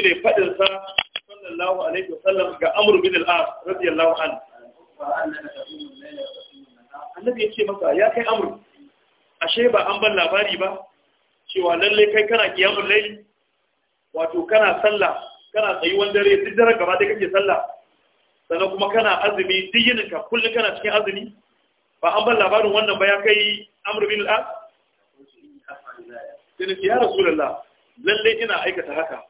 shine fadin sa sallallahu alaihi wasallam ga Amr bin al-As radiyallahu anhu annabi yace masa ya kai Amr ashe ba an ban labari ba cewa lalle kai kana kiyamul layli wato kana sallah kana tsayuwan dare duk dare gaba da kake sallah sannan kuma kana azumi duk yinin ka kullum kana cikin azumi ba an ban labarin wannan ba ya kai Amr bin al-As sai ya rasulullah lalle ina aikata haka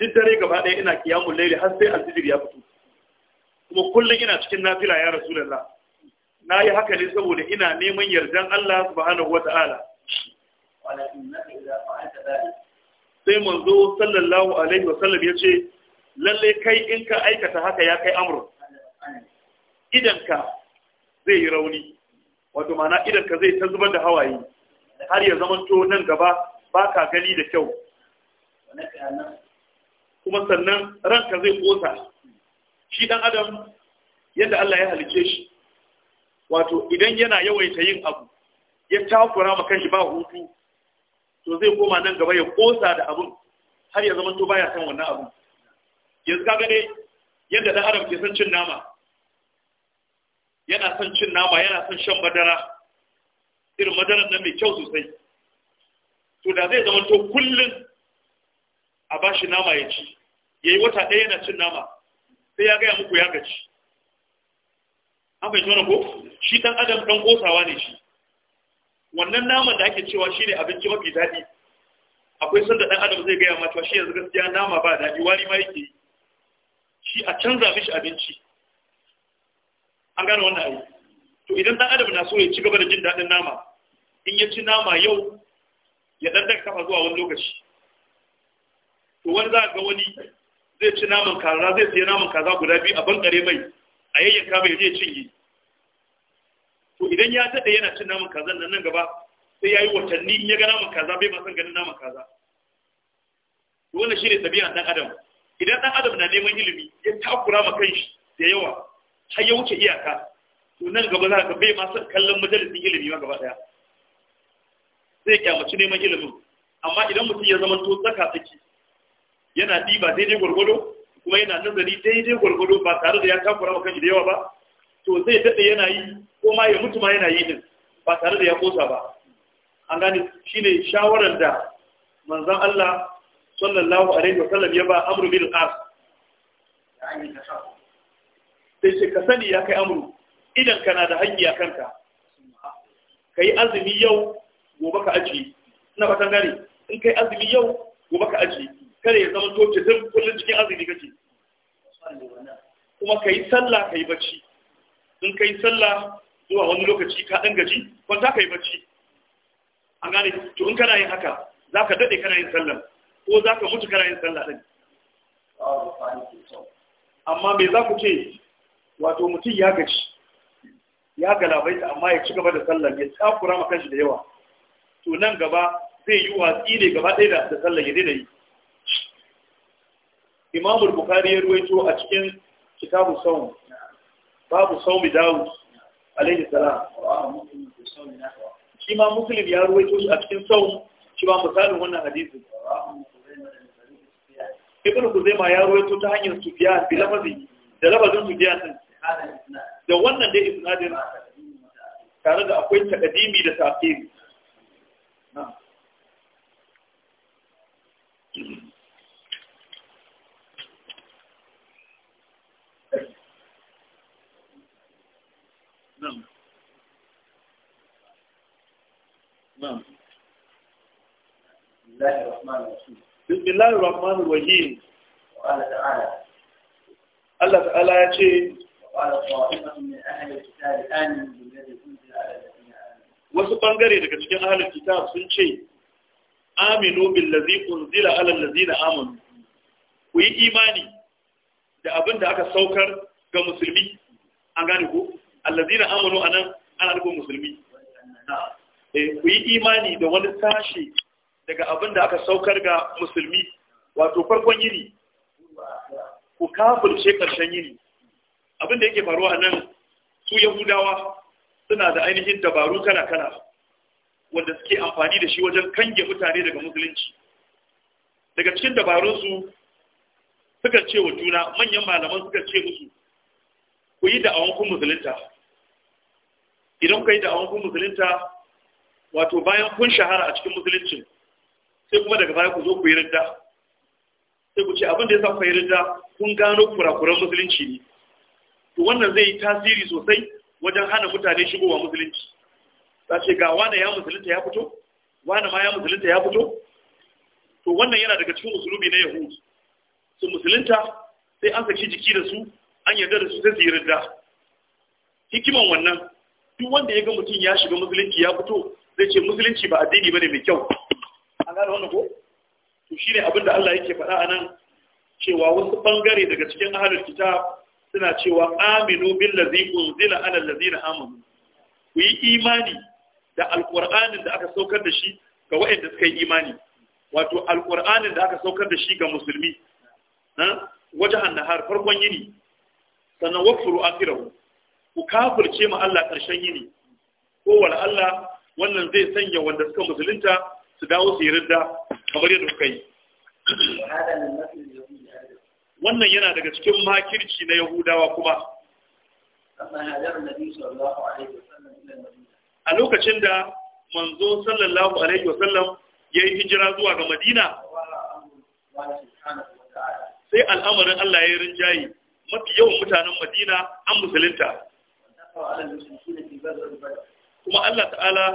duk dare gaba ɗaya ina kiyamun laili har sai alfijir ya fito kuma kullum ina cikin nafila ya rasulullah na yi haka ne saboda ina neman yardan Allah subhanahu wa ta'ala sai manzo sallallahu alaihi wa sallam ya ce lalle kai in ka aikata haka ya kai Idan idanka zai yi rauni wato mana idanka zai ta zubar da hawaye har ya zamanto nan gaba ba ka gani da kyau kuma sannan ranka zai kosa shi dan adam yadda Allah ya halice shi wato idan yana yawaita yin abu ya takura ma kanshi ba hutu to zai koma nan gaba ya kosa da abun har ya zama to baya san wannan abun yanzu kaga ne yadda dan adam ke son cin nama yana son cin nama yana son shan madara irin madaran nan mai kyau sosai to da zai zama to kullum a bashi nama ya ci ya yi wata ɗaya yana cin nama sai ya gaya muku ya gaci an fahimci wani ko shi ɗan adam ɗan ƙosawa ne shi wannan naman da ake cewa shi ne abinci mafi daɗi akwai sanda ɗan adam zai gaya ma cewa shi yanzu gaskiya nama ba daɗi wari ma yake shi a canza mishi abinci an gane wannan ayi to idan ɗan adam na so ya ci gaba da jin daɗin nama in ya ci nama yau ya ɗan ɗan kafa zuwa wani lokaci to wani za ga wani zai ci naman kaza zai siya naman kaza guda biyu a bankare mai a yayyanka mai zai cinye to idan ya daɗe yana cin naman kaza nan gaba sai ya yi watanni in ya ga naman kaza bai masan ganin naman kaza to wannan shi ne ɗabi'an ɗan adam idan ɗan adam na neman ilimi ya takura ma kanshi da yawa har ya wuce iyaka to nan gaba za ka bai ma kallon majalisin ilimi ma gaba ɗaya zai kyamaci neman ilimin amma idan mutum ya zama to tsaka tsaki yana ɗiba daidai gwargwado kuma yana nazari daidai gwargwado ba tare da ya takura wa kanshi da yawa ba to zai daɗe yana yi ko ma ya mutu ma yana yi din ba tare da ya kosa ba an gane shine shawarar da manzon Allah sallallahu alaihi wa sallam ya ba amru bil as sai ce ka sani ya kai amru idan kana da haƙƙi a kanka yi azumi yau gobe ka aji ina fatan gane in kai azumi yau gobe ka aji kada ya zama toce sai kullum cikin azumi kake kuma kai sallah kai bacci in kai sallah zuwa wani lokaci ka dan gaji kwanta kai bacci an gane to in kana yin haka zaka dade kana yin sallah ko zaka mutu kana yin sallah din amma me za ku ce wato mutum ya gaji ya galabaita amma ya ci gaba da sallah ya tsakura ma kanshi da yawa to nan gaba zai yi watsi ne gaba ɗaya da sallah ya daina yi imamul bukari ya ruwaito a cikin kitabu saum babu saumi dawud alaihi salam shi ma muslim ya ruwaito shi a cikin saum shi ba misalin wannan hadisi ibn kuzaima ya ruwaito ta hanyar sufiya bi lafazi da lafazin sufiya din da wannan dai isnadin tare da akwai takadimi da ta'khiri نعم نعم بسم الله الرحمن الرحيم wasu bangare daga cikin ahalin kitab sun ce aminu billazi unzila ala allazina amanu ku yi imani da abin da aka saukar ga musulmi an gane ku allazina amanu anan ana nufin musulmi eh, ku yi imani da wani sashi daga abin da aka saukar ga musulmi wato farkon yini ku kafirce karshen yini abin da yake faruwa nan su yahudawa suna da ainihin dabaru kana-kana wanda suke amfani da shi wajen kange mutane daga musulunci daga cikin dabarunsu suka ce wa juna manyan malaman suka ce musu ku yi awon kun musulunta idan kai da awon musulunta wato bayan kun shahara a cikin musuluncin sai kuma daga baya ku zo ku yi ridda sai ku ce abin da ya sa yi ridda kun gano kurakuran musulunci ne to wannan zai yi tasiri sosai wajen hana mutane shigowa musulunci ta ce ga wane ya musulunta ya fito wane ma ya musulunta ya fito to wannan yana daga cikin musulmi na yahudu su musulunta sai an saki jiki da su an yarda da su sai su yi ridda hikiman wannan duk wanda ya ga mutum ya shiga musulunci ya fito zai ce musulunci ba addini bane mai kyau an gane wannan ko to shine abin da Allah yake faɗa anan cewa wasu bangare daga cikin ahlul kitab suna cewa aminu billazi unzila ala allazina amanu ku yi imani da alqur'anin da aka saukar da shi ga waɗanda suka yi imani wato alqur'anin da aka saukar da shi ga musulmi na wajahan nahar farkon yini sannan wakfuru akhirahu ku kafirce ma Allah ƙarshen yini ko wala Allah wannan zai sanya wanda suka musulunta su dawo su yi kamar yadda kuka yi wannan yana daga cikin makirci na yahudawa kuma a lokacin da manzo sallallahu alaihi wasallam ya yi hijira zuwa ga madina sai al'amarin Allah ya yi rinjaye mafi yawan mutanen madina an musulunta kuma Allah ta'ala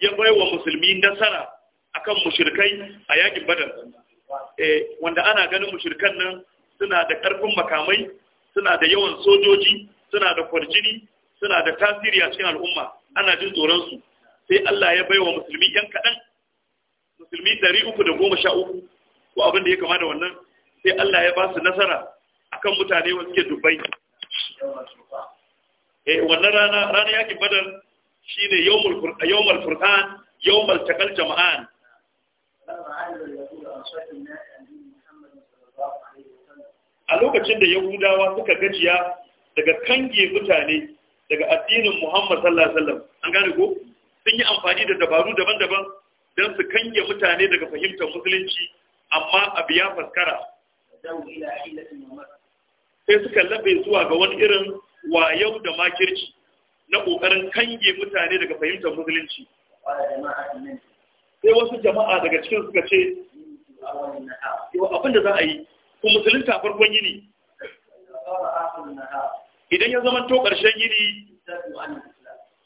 ya baiwa musulmi nasara akan mushrikai a yakin badar eh, wanda ana ganin mushrikan nan suna da karfin makamai suna da yawan sojoji suna da kwarjini suna da tasiri a cikin al'umma ana jin tsoron su sai Allah ya baiwa musulmi yan kaɗan musulmi 313 ko abin da ya kama da wannan sai Allah ya ba su nasara akan mutane wanda suke dubbai eh wannan rana rana yakin badar shine yawmul furqan yawmul furqan jama'an a lokacin da yahudawa suka gajiya daga kange mutane daga addinin muhammad sallallahu alaihi wasallam an gane ko sun yi amfani da dabaru daban-daban don su kange mutane daga fahimtar musulunci amma abu ya faskara sai suka labe zuwa ga wani irin Wa yau da makirci na ƙoƙarin kange mutane daga fahimtar musulunci sai wasu jama'a daga cikin suka ce yau abinda za a yi ku musulunta farkon yini idan ya zama to ƙarshen yini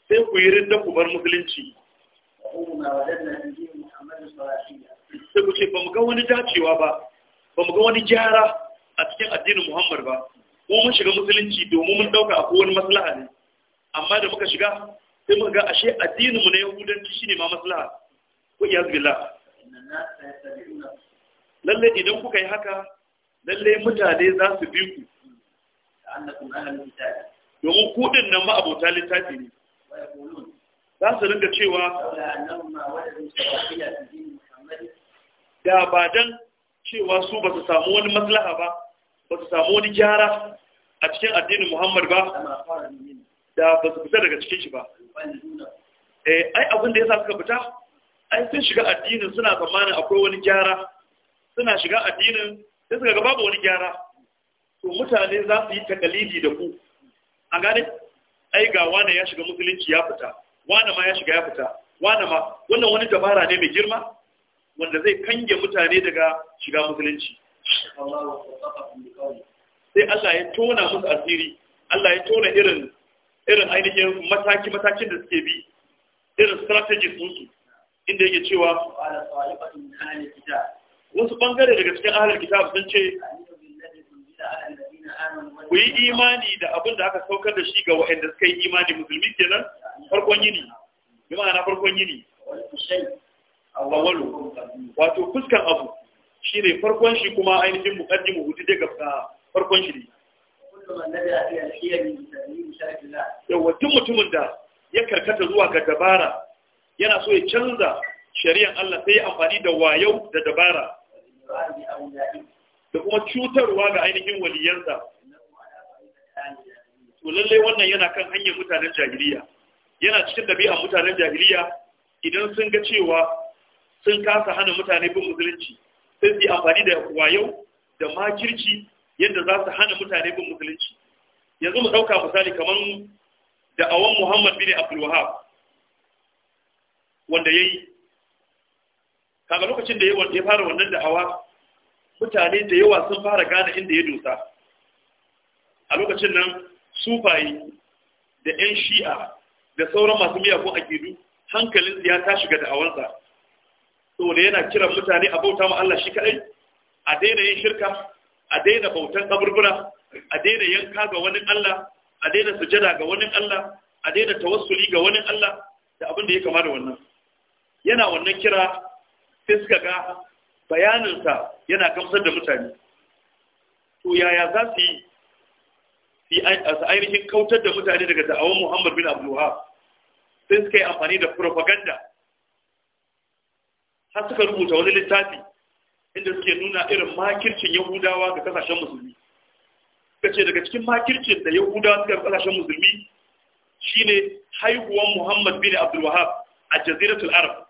sai ku yi rinda ku bar musulunci sai ku ce ba mu ga wani dacewa ba ba mu ga wani gyara a cikin addinin muhammad ba mu mun shiga musulunci domin mun dauka a kowane maslaha ne amma da muka shiga sai muka ga ashe addinin mu na yahudanci shine ma maslaha ko iyaz zubila lalle idan kuka yi haka lalle mutane za su bi ku domin kudin nan ma abota littafi ne za su ringa cewa da ba dan cewa su ba su samu wani maslaha ba ba su samu wani gyara a cikin addinin Muhammad ba da ba su fita daga cikin shi ba eh ai abin da yasa suka fita ai sun shiga addinin suna tsammanin akwai wani gyara suna shiga addinin sai suka ga babu wani gyara to mutane za su yi takalidi da ku an gane ai ga wani ya shiga musulunci ya fita wani ma ya shiga ya fita wani ma wannan wani dabara ne mai girma wanda zai kange mutane daga shiga musulunci sai Allah ya tona musu asiri Allah ya tona irin irin ainihin mataki matakin da suke bi irin strategies musu inda yake cewa wasu bangare daga cikin ahalar kitab sun ce ku yi imani da abin da aka saukar da shi ga wa'anda suka yi imani musulmi kenan farkon yini bi ma'ana farkon yini wato fuskan abu shi ne farkon shi kuma ainihin mu hudu daga farkon shi ne yawa duk mutumin da ya karkata zuwa ga dabara yana so ya canza shari'an Allah sai ya amfani da wayo da dabara da kuma cutarwa ga ainihin waliyansa to lallai wannan yana kan hanyar mutanen jahiliya yana cikin dabi'a mutanen jahiliya idan sun ga cewa sun kasa hana mutane bin musulunci sai su yi amfani da wayo da makirci yadda za su hana mutane bin musulunci yanzu mu ɗauka misali kamar da awon muhammad bin abdul wahab wanda ya yi kaga lokacin da ya fara wannan da'awa mutane da yawa sun fara gane inda ya dosa a lokacin nan sufayi da 'yan shi'a da sauran masu miyagun akidu hankalin ya tashi ga da'awansa saboda yana kiran mutane a bauta ma Allah shi kadai a daina yin shirka a daina bautan kaburbura a daina yanka ga wani Allah a daina sujada ga wani Allah a daina tawassuli ga wani Allah da abin da ya kama da wannan yana wannan kira fiska ga bayaninsa yana gamsar da mutane to yaya za su yi su ainihin kautar da mutane daga da'awar muhammad bin abdullahi sai suka yi amfani da propaganda har suka rubuta wani littafi inda suke nuna irin makircin yahudawa ga kasashen musulmi suka ce daga cikin makircin da yahudawa suka ga kasashen musulmi shine haihuwan muhammad bin abdul wahab a jaziratul arab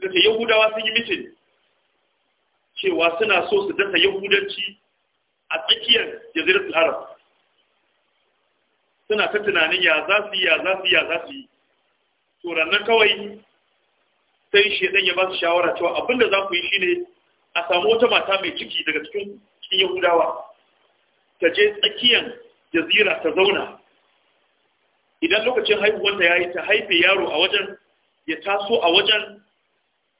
suka ce yahudawa sun yi mitin cewa suna so su dasa yahudanci a tsakiyar jaziratul arab suna ta tunanin ya za su yi ya za su yi ya za su yi to rannan kawai sai shi ya ba su shawara cewa abinda za ku yi shine a samu wata mata mai ciki daga cikin cikin yahudawa ta je tsakiyan jazira ta zauna idan lokacin haihuwanta ya yi ta haife yaro a wajen ya taso a wajen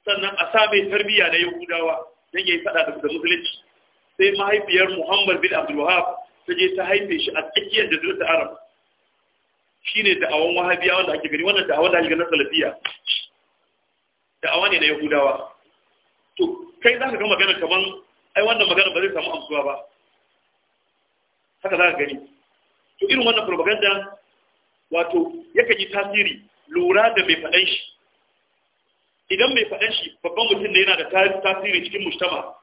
sannan a sa mai tarbiyya na yahudawa don ya yi fada da musulunci sai mahaifiyar muhammad bin abdulwahab ta je ta haife shi a tsakiyar jazirar arab shine awon wahabiya wanda ake gani wannan awon da ake ganin salafiya da awa ne na yahudawa to kai za ka ga magana kaman ai wannan magana ba zai samu amsuwa ba haka za ka gani to irin wannan propaganda wato yakan yi tasiri lura da mai faɗan shi idan mai faɗan shi babban mutum ne yana da tasiri cikin mujtama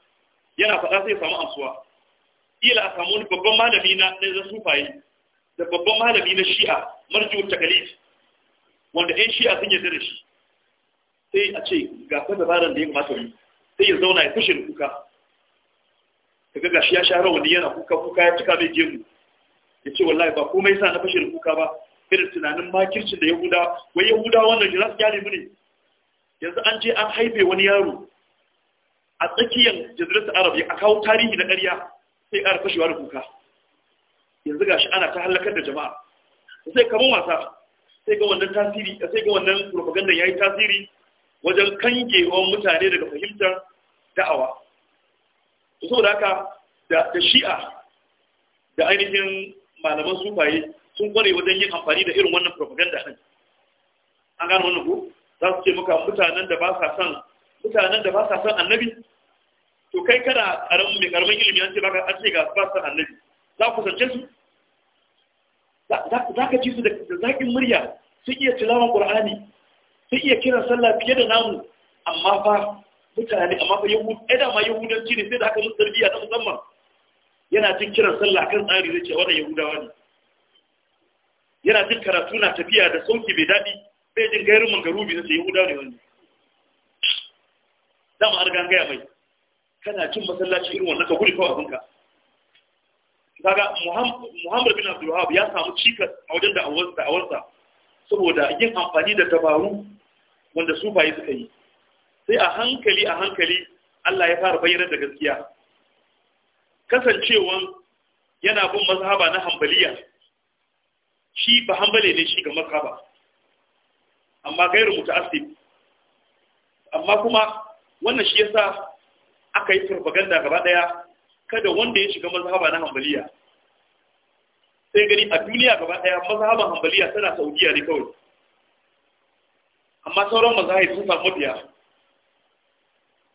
yana faɗa sai ya samu amsuwa ila a samu wani babban malami na na sufaye da babban malami na shi'a marjo takalif wanda 'yan shi'a sun yarda da shi sai a ce ga ta dabarar da ya kamata yi sai ya zauna ya fashe da kuka ga gashi ya sha rawani yana kuka kuka ya cika mai gemu ya ce wallahi ba komai sa na fashe kuka ba irin tunanin makircin da yahuda wai yahuda wannan jira su gyale ne yanzu an je an haife wani yaro a tsakiyar jazirar arab ya kawo tarihi na ƙarya sai ƙara fashewa da kuka yanzu gashi ana ta halakar da jama'a sai kamar wasa sai ga wannan tasiri sai ga wannan propaganda yayi tasiri wajen wa mutane daga fahimtar da'awa saboda haka da shi'a da ainihin malaman sufaye sun kware wajen yin amfani da irin wannan propaganda ɗin an gano wannan ko za su ce maka mutanen da ba sa son mutanen da ba sa son annabi to kai kana karamin mai karamin ilimi an ce ba ka san ga ba sa annabi za ku sance su za ka ci su da zaƙin murya sun iya tilawan ƙur'ani? sai iya kiran sallah fiye da namu amma fa mutane amma fa yahudu ai da ma yahudanci ne sai da aka musu tarbiyya ta musamman yana jin kiran sallah kan tsari zai ce ya yahudawa ne yana jin karatu na tafiya da sauki bai daɗi bai jin gairin mangarubi zai ce yahudawa ne wani dama an gangaya gaya mai kana cin masallaci irin wannan ka gudu kawai abinka kaga muhammad bin abdul ya samu cikas a wajen da awarsa saboda yin amfani da dabaru wanda su sufaye suka yi sai a hankali a hankali Allah ya fara bayyana da gaskiya kasancewan yana bin mazhaba na hambaliya shi ba hambale ne shi ga mazhaba amma gairu muta'assib amma kuma wannan shi yasa aka yi propaganda gaba daya kada wanda ya shiga mazhaba na hambaliya sai gani a duniya gaba daya mazhaban hambaliya tana Saudiya ne kawai amma sauran mazahib sun samu biya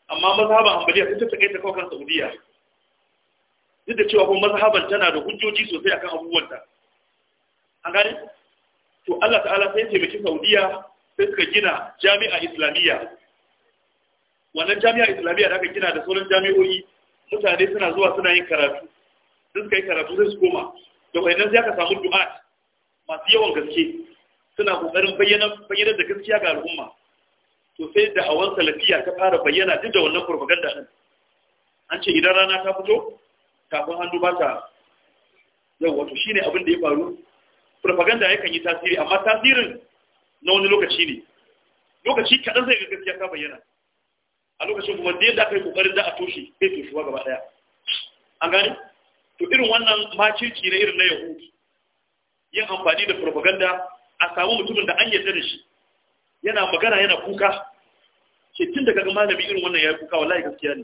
amma mazhaban ambaliya sun tattake ta kawai kan saudiya duk da cewa kuma mazhaban tana da hujjoji sosai akan abubuwan ta an gani to Allah ta'ala sai taimaki saudiya sai suka gina jami'a islamiyya wannan jami'a islamiyya da aka gina da sauran jami'o'i mutane suna zuwa suna yin karatu sun suka yi karatu sai su koma da wayannan sai aka samu du'a masu yawan gaske suna ƙoƙarin bayyanar da gaskiya ga al'umma to sai da hawan salafiya ta fara bayyana duk da wannan propaganda din an ce idan rana ta fito kafin hannu ba ta yau wato shi ne abin da ya faru propaganda yakan yi tasiri amma tasirin na wani lokaci ne lokaci kaɗan zai ga gaskiya ta bayyana a lokacin kuma da yadda aka yi ƙoƙarin za a toshe sai toshewa gaba ɗaya an gane to irin wannan macirci na irin na yahudu yin amfani da propaganda a samu mutumin da an yi da shi yana magana yana kuka ke tun da kaga malami irin wannan yayi kuka wallahi gaskiya ne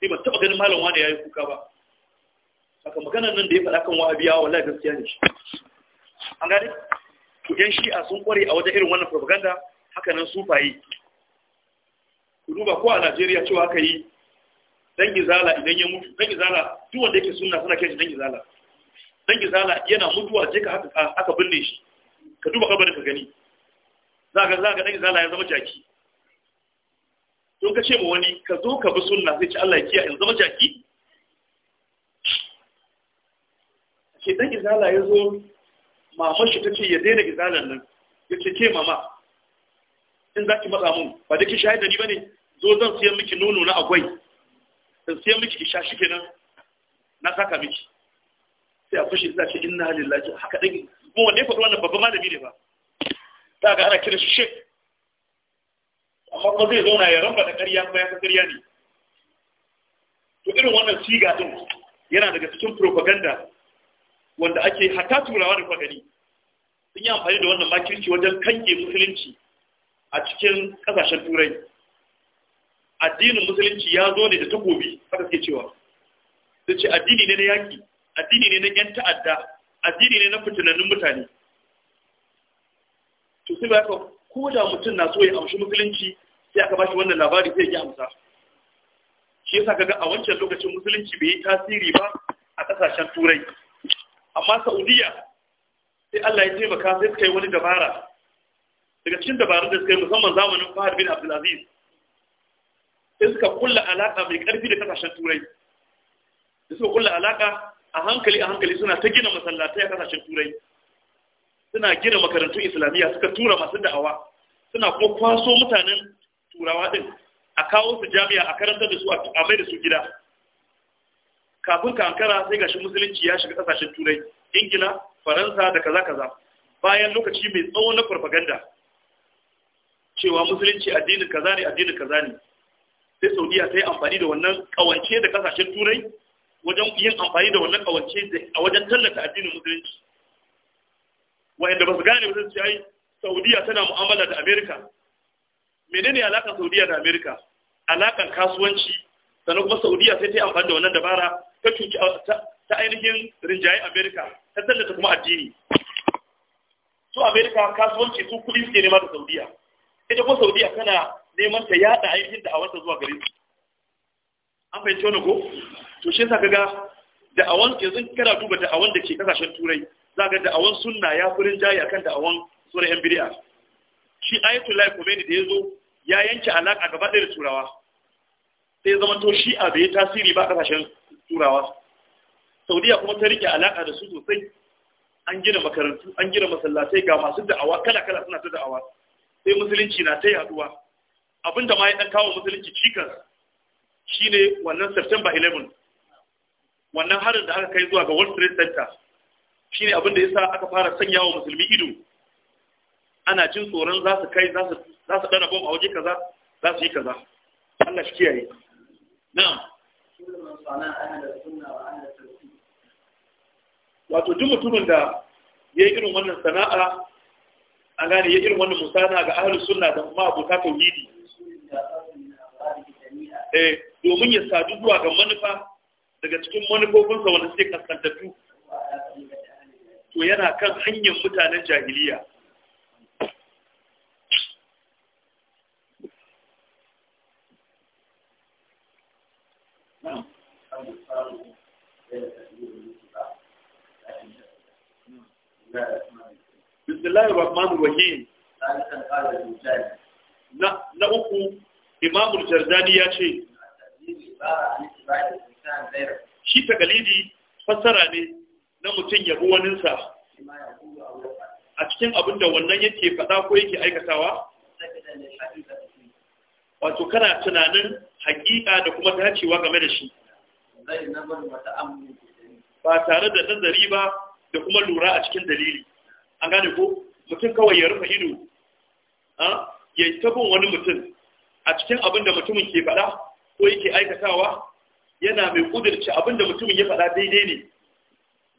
sai ba taba ganin malam wani yayi kuka ba saka maganar nan da ya faɗa kan wahabiya wallahi gaskiya ne an gani? to yan shi'a sun kware a wajen irin wannan propaganda haka nan ku duba ko a Najeriya cewa aka yi dan zala idan ya mutu dan zala, duk wanda yake sunna suna kai shi dan zala. dan zala yana mutuwa je ka haka aka binne shi ka duba kabarin ka gani za ka za ka ɗan izala ya zama jaki Don ka ce ma wani ka zo ka bi sunna sai ce Allah ya kiya in zama jaki ke ɗan izala ya zo mamar shi ta ce ya daina izalan nan ya ce ke mama in za ki matsa mun ba da ki shahid da ni bane zo zan siyan miki nono na agwai in siyan miki isha shi kenan na saka miki sai a fushi za ce inna lillahi haka dai kuma wanda ya faɗi wannan babban malami ne ba ta ga ana kira shi shek amma kuma zai zauna ya ramba da ƙarya ba ya san ƙarya ne to irin wannan siga din yana daga cikin propaganda wanda ake hatta turawa da kwagani sun yi amfani da wannan makirci wajen kange musulunci a cikin ƙasashen turai addinin musulunci ya zo ne da takobi haka suke cewa sai ce addini ne na yaƙi addini ne na 'yan ta'adda addini ne na fitinannun mutane to sai ba ko da mutum na so ya amshi musulunci sai aka bashi wannan labari sai ya amsa shi yasa kaga a wancan lokacin musulunci bai yi tasiri ba a kasashen turai amma saudiya sai Allah ya taimaka sai suka yi wani dabara daga cikin dabarun da suka yi musamman zamanin Fahad bin Abdulaziz sai suka kulla alaka mai karfi da kasashen turai da suka kulla alaka a hankali a hankali suna ta gina masallatai a kasashen turai suna gina makarantun islamiyya suka tura masu da'awa suna kuma kwaso mutanen turawa din a kawo su jami'a a karantar da su a mai da su gida kafin ka sai gashi musulunci ya shiga kasashen turai ingila faransa da kaza kaza bayan lokaci mai tsawo na farfaganda cewa musulunci addinin kaza ne addinin kaza ne sai saudiya ta yi amfani da wannan kawance da kasashen turai wajen yin amfani da wannan kawance a wajen tallata addinin musulunci wa'anda ba su gane ba sai ai saudiya tana mu'amala da america menene alakan saudiya da amerika alakan kasuwanci sannan kuma saudiya sai ta yi amfani da wannan dabara ta cuci ta ainihin rinjaye amerika ta tallata kuma addini su amerika kasuwanci su kuɗi suke nema da saudiya ita kuma saudiya tana neman ta yada ainihin da a wata zuwa gare su an fahimci wani ko to shi yasa da da'awan yanzu kana duba da awan da ke kasashen turai zaka awan sunna ya furin jayi akan da'awan sunan yan biriya? shi lahi Khomeini da yazo ya yanke alaka gaba da turawa sai zama to shi a bai tasiri ba kasashen turawa saudiya kuma ta rike alaka da su sosai an gina makarantu an gina masallatai ga masu da'awa kala kala suna ta da'awa sai musulunci na ta yaduwa abinda ma ya dan kawo musulunci cikas shine wannan september 11 wannan harin da aka kai zuwa ga World Trade Center shi ne abin da sa aka fara sanya wa musulmi ido ana jin tsoron za su kai za su za dana bom a waje kaza za su yi kaza Allah shi kiyaye na'am wato duk mutumin da ya yi irin wannan sana'a a gane ya irin wannan musana ga ahalus sunna da kuma abota tauhidi eh domin ya sadu zuwa ga manufa daga cikin manufofinsa wanda suke kaskantattu to yana kan hanyar mutanen jahiliya Bismillahir Rahmanir Rahim na uku Imamul Jardani ya ce shi takalidi fassara ne na mutum yabo waninsa a cikin abin da wannan yake faɗa ko yake aikatawa wato kana tunanin haƙiƙa da kuma dacewa game da shi ba tare da nazari ba da kuma lura a cikin dalili an gane ko mutum kawai ya rufe ido ya yi tabin wani mutum a cikin abin da mutumin ke faɗa ko yake aikatawa yana mai kudurci abinda mutumin ya faɗa daidai ne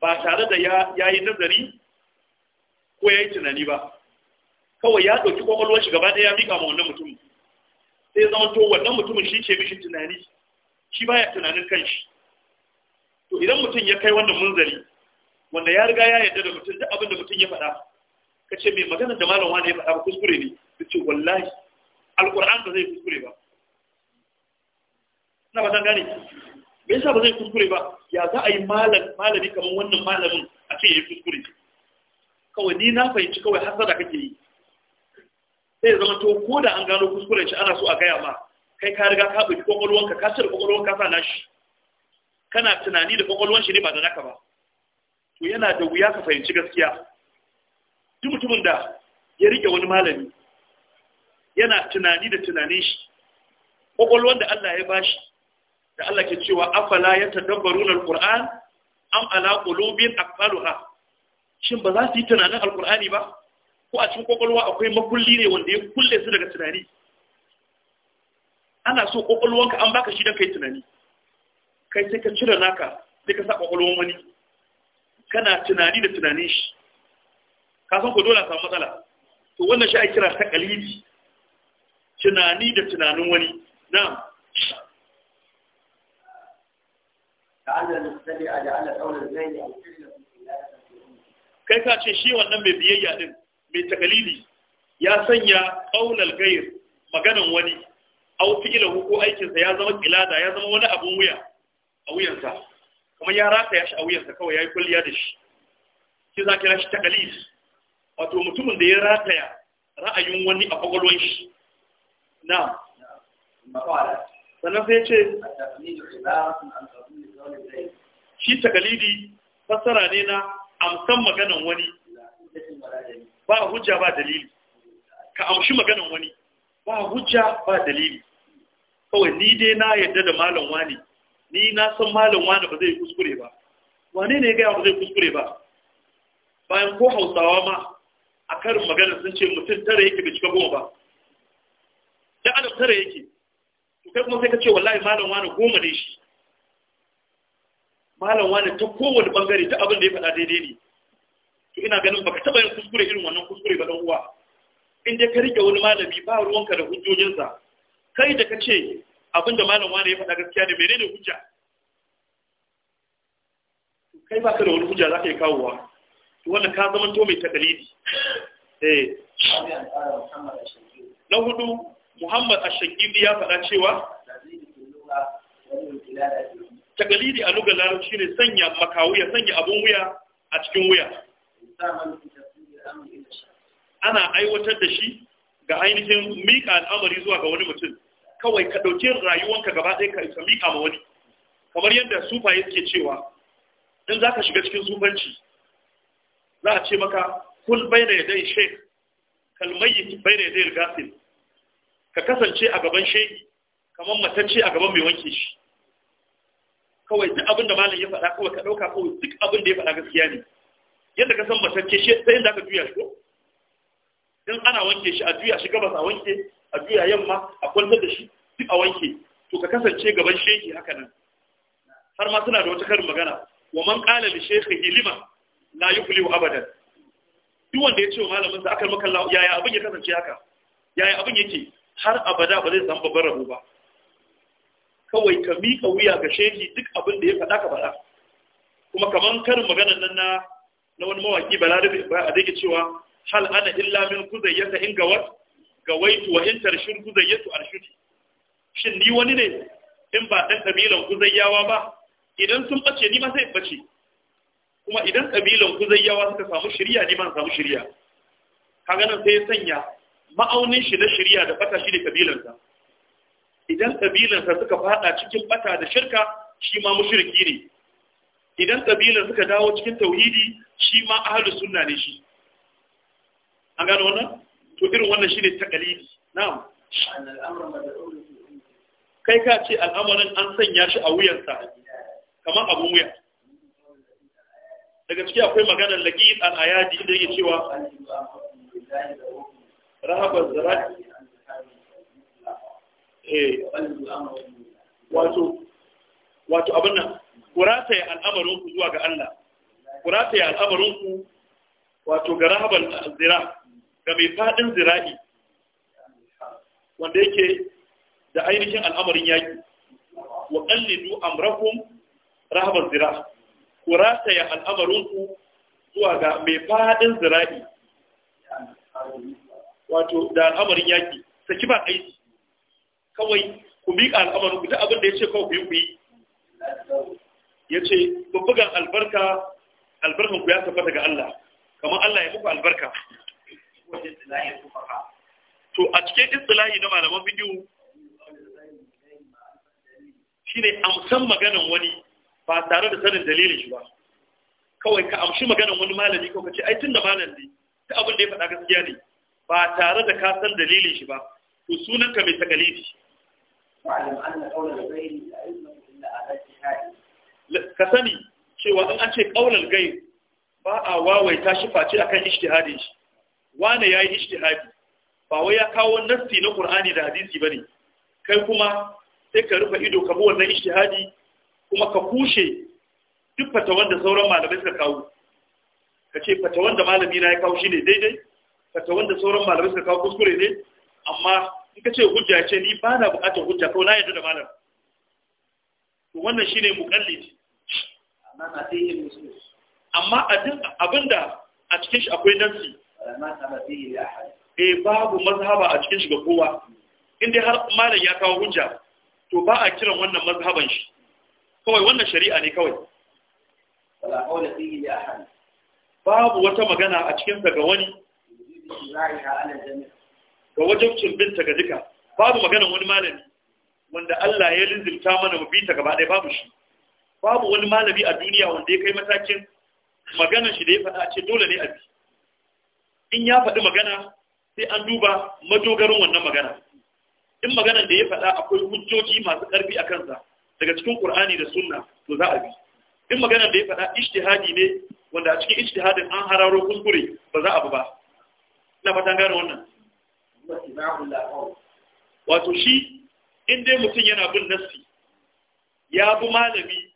ba tare da ya yi nazari ko ya yi tunani ba kawai ya ɗauki ƙwaƙwalwar shi gaba ɗaya ya miƙa ma wannan mutumin sai zama to wannan mutumin shi ke mishi tunani shi baya tunanin kanshi to idan mutum ya kai wannan munzari wanda ya riga ya yarda da mutum duk abinda mutum ya faɗa ka ce mai magana da malam wani ya faɗa ba kuskure ne ka ce wallahi alƙur'an ba zai kuskure ba na ba gane me yasa ba zai kuskure ba ya za a yi malami kamar wannan malamin a ce ya kuskure kawai ni na fahimci kawai hasada kake yi sai zama to ko da an gano kuskuren shi ana so a gaya ma kai ka riga ka bugi kwakwalwanka ka cire ka sa shi kana tunani da kwakwalwan shi ne ba da naka ba to yana da wuya ka fahimci gaskiya duk mutumin da ya rike wani malami yana tunani da tunanin shi kwakwalwan da Allah ya bashi da Allah ke cewa afala ya tadabbaruna alquran am ala qulubin aqfaluha shin ba za su yi tunanin alqurani ba ko a cikin kokolwa akwai makulli ne wanda ya kulle su daga tunani ana so kokolwanka an baka shi don kai tunani kai sai ka cire naka sai ka sa kokolwan wani kana tunani da tunanin shi ka san ko dole a samu matsala to wannan shi a kira ta kalili tunani da tunanin wani na'am kai ka ce shi wannan mai biyayya din mai takalili. ya sanya kaunar gair maganan wani a fi'lahu ila hukun aikinsa ya zama kilada ya zama wani abin wuya a wuyansa kuma ya rataya shi a wuyansa kawai ya yi kulliya da shi shi za kira shi takalili wato mutumin da ya rataya ra'ayin wani a kwakwalwar shi na sannan sai ce shi takalidi fassara ne na amsan maganan wani ba hujja ba dalili ka amshi maganan wani ba hujja ba dalili kawai ni dai na yadda da malam wani ni na san malam wani ba zai kuskure ba wane ne gaya ba zai kuskure ba bayan ko hausawa ma a karin magana sun ce mutum tara yake bai cika goma ba da adam tara yake to kai kuma sai ka ce wallahi malam wani goma ne shi malam wani ta kowane bangare ta abin da ya faɗa daidai ne to ina ganin baka taɓa yin kuskure irin wannan kuskure ba ɗan uwa in dai ka rike wani malami ba ruwanka da hujjojinsa kai da ka ce abin da malam wani ya faɗa gaskiya ne menene hujja kai ba ka da wani hujja za ka yi kawowa to wannan ka zama to mai takalidi eh na hudu muhammad ashangidi ya faɗa cewa takalidi a lugar larabci ne sanya makawu ya sanya abun wuya a cikin wuya ana aiwatar da shi ga ainihin miƙa al'amari zuwa ga wani mutum kawai ka ɗauki rayuwanka gaba ɗaya ka isa miƙa ma wani kamar yadda sufaye suke cewa in za ka shiga cikin sufanci za a ce maka kul bai da yadai shek kalmayi bai ya dai ka kasance a gaban sheik kamar matacce a gaban mai wanke shi kawai duk abin da malam ya faɗa kawai ka ɗauka kawai duk abin da ya faɗa gaskiya ne yadda ka san ce shi sai inda ka juya shi ko in ana wanke shi a juya shi gabas a wanke a juya yamma a kwantar da shi duk a wanke to ka kasance gaban shehi haka nan har ma suna da wata karin magana wa man qala li shaykhihi lima la yuflihu abadan duk wanda ya ce wa malamin sa akan maka yaya abin ya kasance haka yaya abin yake har abada ba zai zamba babban rabo ba kawai ka miƙa wuya ga shehi duk abin da ya faɗa ka faɗa kuma kamar karin magana nan na na wani da balarabe a dake cewa hal ana illa min kuzayyata in gawat gawaitu wa in shir kuzayyatu arshudi shin ni wani ne in ba dan kabilan kuzayyawa ba idan sun bace ni ma sai in bace kuma idan kabilan kuzayyawa suka samu shiriya ni ma samu shiriya kaga nan sai ya sanya ma'aunin shi na shiriya da fata shi da kabilansa idan kabilansa suka fada cikin bata da shirka shi ma mushriki ne idan kabilan suka dawo cikin tauhidi shi ma ahlus sunna ne shi an gano wannan to irin wannan shine takalidi na'am kai ka ce al'amarin an sanya shi a sa kamar abu wuya daga ciki akwai maganar laqid al-ayadi da yake cewa rahabar zarati Eh. wato abin nan ku rataya al'amarinku zuwa ga Allah ku rataya al'amarinku wato ga rahabar zira ga mai faɗin zira'i wanda yake da ainihin al'amarin yaƙi wa ƙallidu amrakum rahabar zira ku rataya al'amarinku zuwa ga mai faɗin zira'i wato da al'amarin yaƙi saki ba aiki kawai ku miƙa al'amarin ku duk abin da ya ce kawai ku yi ku yi ya ce ku buga albarka albarkan ku ya tabbata ga Allah kamar Allah ya muku albarka to a cikin istilahi na malaman bidiyo shine amsan maganan wani ba tare da sanin dalilin shi ba kawai ka amshi maganan wani malami ko ka ce ai da malam ne ta abin da ya faɗa gaskiya ne ba tare da ka san dalilin shi ba to sunanka mai takalifi ka sani cewa in an ce ƙaunar gai ba a wawaita shi face akan ishtihadin shi wane ya yi ishtihadi ba wai ya kawo nasti na ƙur'ani da hadisi ba ne kai kuma sai ka rufe ido ka bi wannan ishtihadi kuma ka kushe duk fatawan da sauran malamai suka kawo ka ce fatawan da malami na ya kawo shi ne daidai fatawan da sauran malamai suka kawo kuskure ne amma ka ce hujja ce ni ba na bukatar hujja kawai na yadda da malam Wannan wannan shine muqallid amma abinda a cikin shi akwai nafsi eh babu mazhaba a cikin shi ga kowa in dai har malam ya kawo hujja to ba a kiran wannan mazhaban shi kawai wannan shari'a ne kawai babu wata magana a cikinsa ga wani da wajabcin binta ga duka babu magana wani malami wanda Allah ya linzilta mana mu bita gaba ɗaya babu shi babu wani malami a duniya wanda ya kai matakin maganar shi da ya faɗa ce dole ne a bi in ya faɗi magana sai an duba madogarin wannan magana in maganar da ya faɗa akwai hujjoji masu ƙarfi a kansa daga cikin Qur'ani da Sunna to za a bi in maganar da ya faɗa ijtihadi ne wanda a cikin ijtihadin an hararo kuskure ba za a bi ba ina fatan gane wannan wato shi in dai mutum yana bin nassi ya bi malami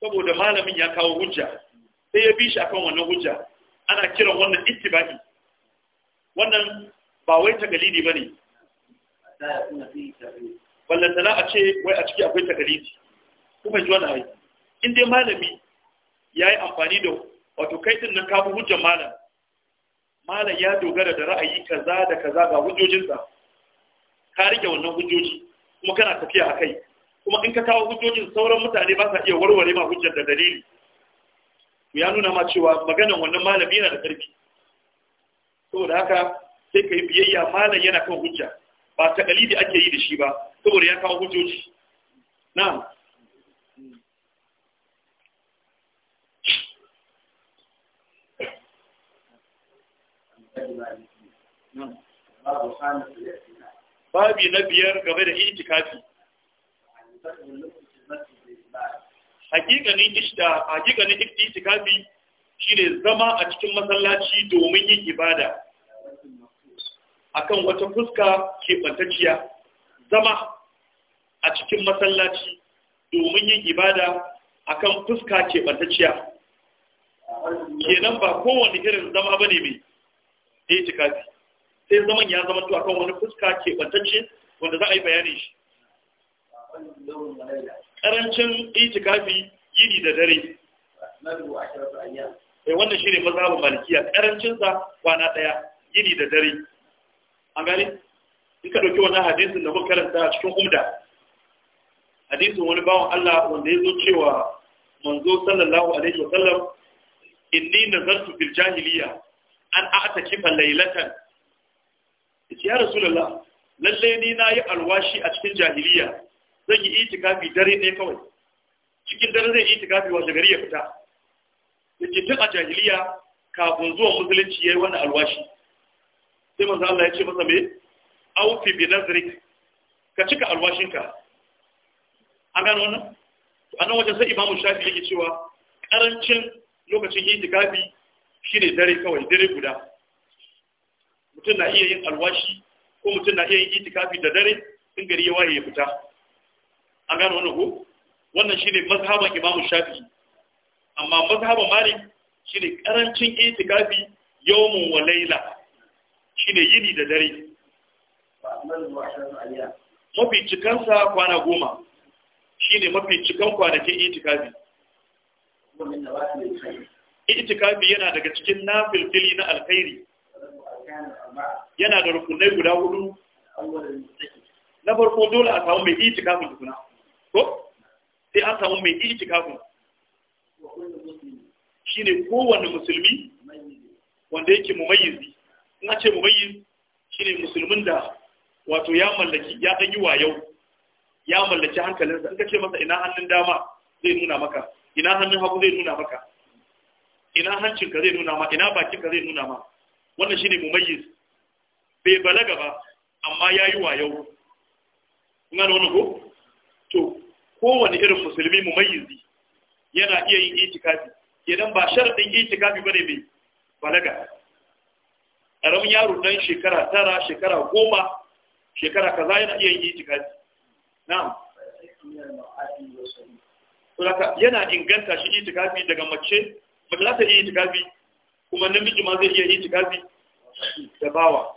saboda malamin ya kawo hujja sai ya bi shi akan wannan hujja ana kiran wannan ittibai wannan ba wai tagalidi bane ballantana a ce wai a ciki akwai tagalidi kuma ji wani ai in dai malami ya yi amfani da wato kai din nan ka bi hujjar malam malam ya dogara da ra'ayi kaza da kaza ga hujjojinsa ka rike wannan hujjoji kuma kana tafiya a kai kuma in ka kawo hujjojin sauran mutane ba sa iya warware ma hujjar da dalili ya nuna ma cewa maganan wannan malami yana da ƙarfi saboda haka sai ka yi biyayya malam yana kan hujja ba ta ake yi da shi ba saboda ya kawo hujjoji na'am babi na biyar game da itikafi hakikanin ishta hakikanin itikafi shine zama a cikin masallaci domin yin ibada akan wata fuska ke bantaciya zama a cikin masallaci domin yin ibada akan fuska ke bantaciya kenan ba kowane irin zama bane mai itikafi sai zaman ya zama to akan wani fuska ke bantacce wanda za a yi bayanin shi karancin itikafi yini da dare sai eh, wannan shine mazhabin malikiya karancin sa kwana daya yini da dare an gani in ka dauki wannan hadisin da muka karanta a cikin umda hadisin wani bawan Allah wanda ya cewa manzo sallallahu alaihi wasallam inni nazartu fil jahiliya an a'ata kifa lailatan ya rasulullah lalle ni na yi alwashi a cikin jahiliya zan yi itikafi dare ne kawai cikin dare zai itikafi wa gari ya fita yace tun a jahiliya kafin zuwa musulunci yayi wannan alwashi sai manzo Allah ya ce masa me awfi bi nazrik ka cika alwashinka an gano wannan a nan wajen sai imamu shafi yake cewa karancin lokacin itikafi shine dare kawai dare guda mutum na iya yin alwashi ko mutum na iya yin itikafi da dare in gari ya waye ya fita an gano wannan ko wannan shine mazhaban imamu shafi amma mazhaban malik shine karancin itikafi yawmun wa laila shine yini da dare mafi cikansa kwana goma shine mafi cikan kwanakin itikafi itikafi yana daga cikin nafilfili na alkhairi yana da rukunai guda hudu na farko dole a samu mai itikafin tukuna ko sai an samu mai shi ne kowane musulmi wanda yake mumayyizi in N'a ce shi ne musulmin da wato ya mallaki ya dan yi wayau ya mallaki hankalinsa in ka ce masa ina hannun dama zai nuna maka ina hannun hagu zai nuna maka ina hancin ka zai nuna ma ina bakin ka zai nuna ma wannan shine mumayyiz bai balaga ba amma yayi wayo kuma da wannan ko to kowane irin musulmi mumayyizi yana iya yin itikafi idan ba sharadin itikafi bane mai balaga ƙaramin yaro dan shekara tara shekara goma shekara kaza yana iya yin itikafi na'am yana inganta shi itikafi daga mace mace za ta iya itikafi kuma namiji ma zai iya yi itikafi da bawa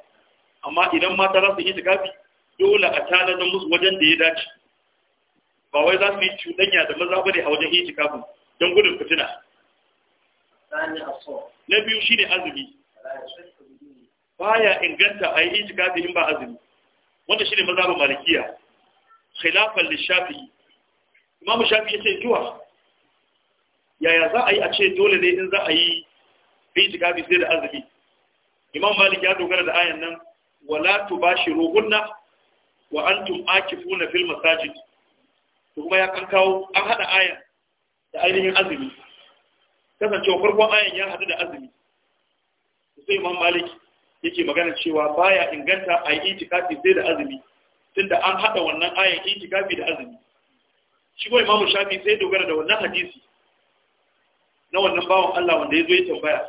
amma idan mata za su itikafi dole a tanadar musu wajen da ya dace ba wai za su yi cuɗanya da maza bane a wajen yi itikafin don gudun fitina na biyu shi ne azumi baya inganta a yi itikafi in ba azumi wanda shi ne shine ba. malikiya khilafan lishafi imamu shafi ya yace zuwa yaya za a yi a ce dole ne in za a yi itikafi sai da azumi imam malik ya dogara da ayan nan wala tu tubashiruhunna wa antum akifuna fil masajid to kuma ya kan kawo an hada ayan da ainihin azumi kasancewa farkon ayan ya hadu da azumi sai imam malik yake magana cewa baya inganta a yi itikafi sai da azumi tunda an hada wannan ayan itikafi da azumi shi ko imam shafi sai dogara da wannan hadisi na wannan bawan Allah wanda ya zo ya tambaya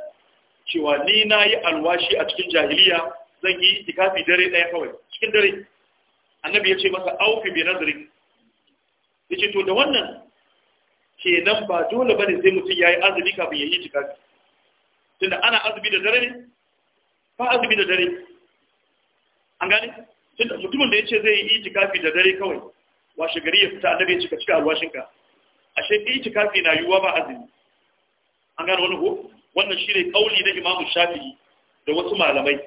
cewa ni na yi alwashi a cikin jahiliya zan yi itikafi dare ɗaya kawai cikin dare annabi ya ce masa aufi bi nazarin ya ce to da wannan kenan ba dole bane sai mutum ya yi azumi kafin ya yi itikafi tunda ana azumi da dare ne ba azumi da dare an gane tunda mutumin da ya ce zai yi itikafi da dare kawai washe gari ya fita annabi ya cika cika alwashinka ashe itikafi na yiwuwa ba azumi an gane wani ko wannan shi ne kauli na imamu shafi'i da wasu malamai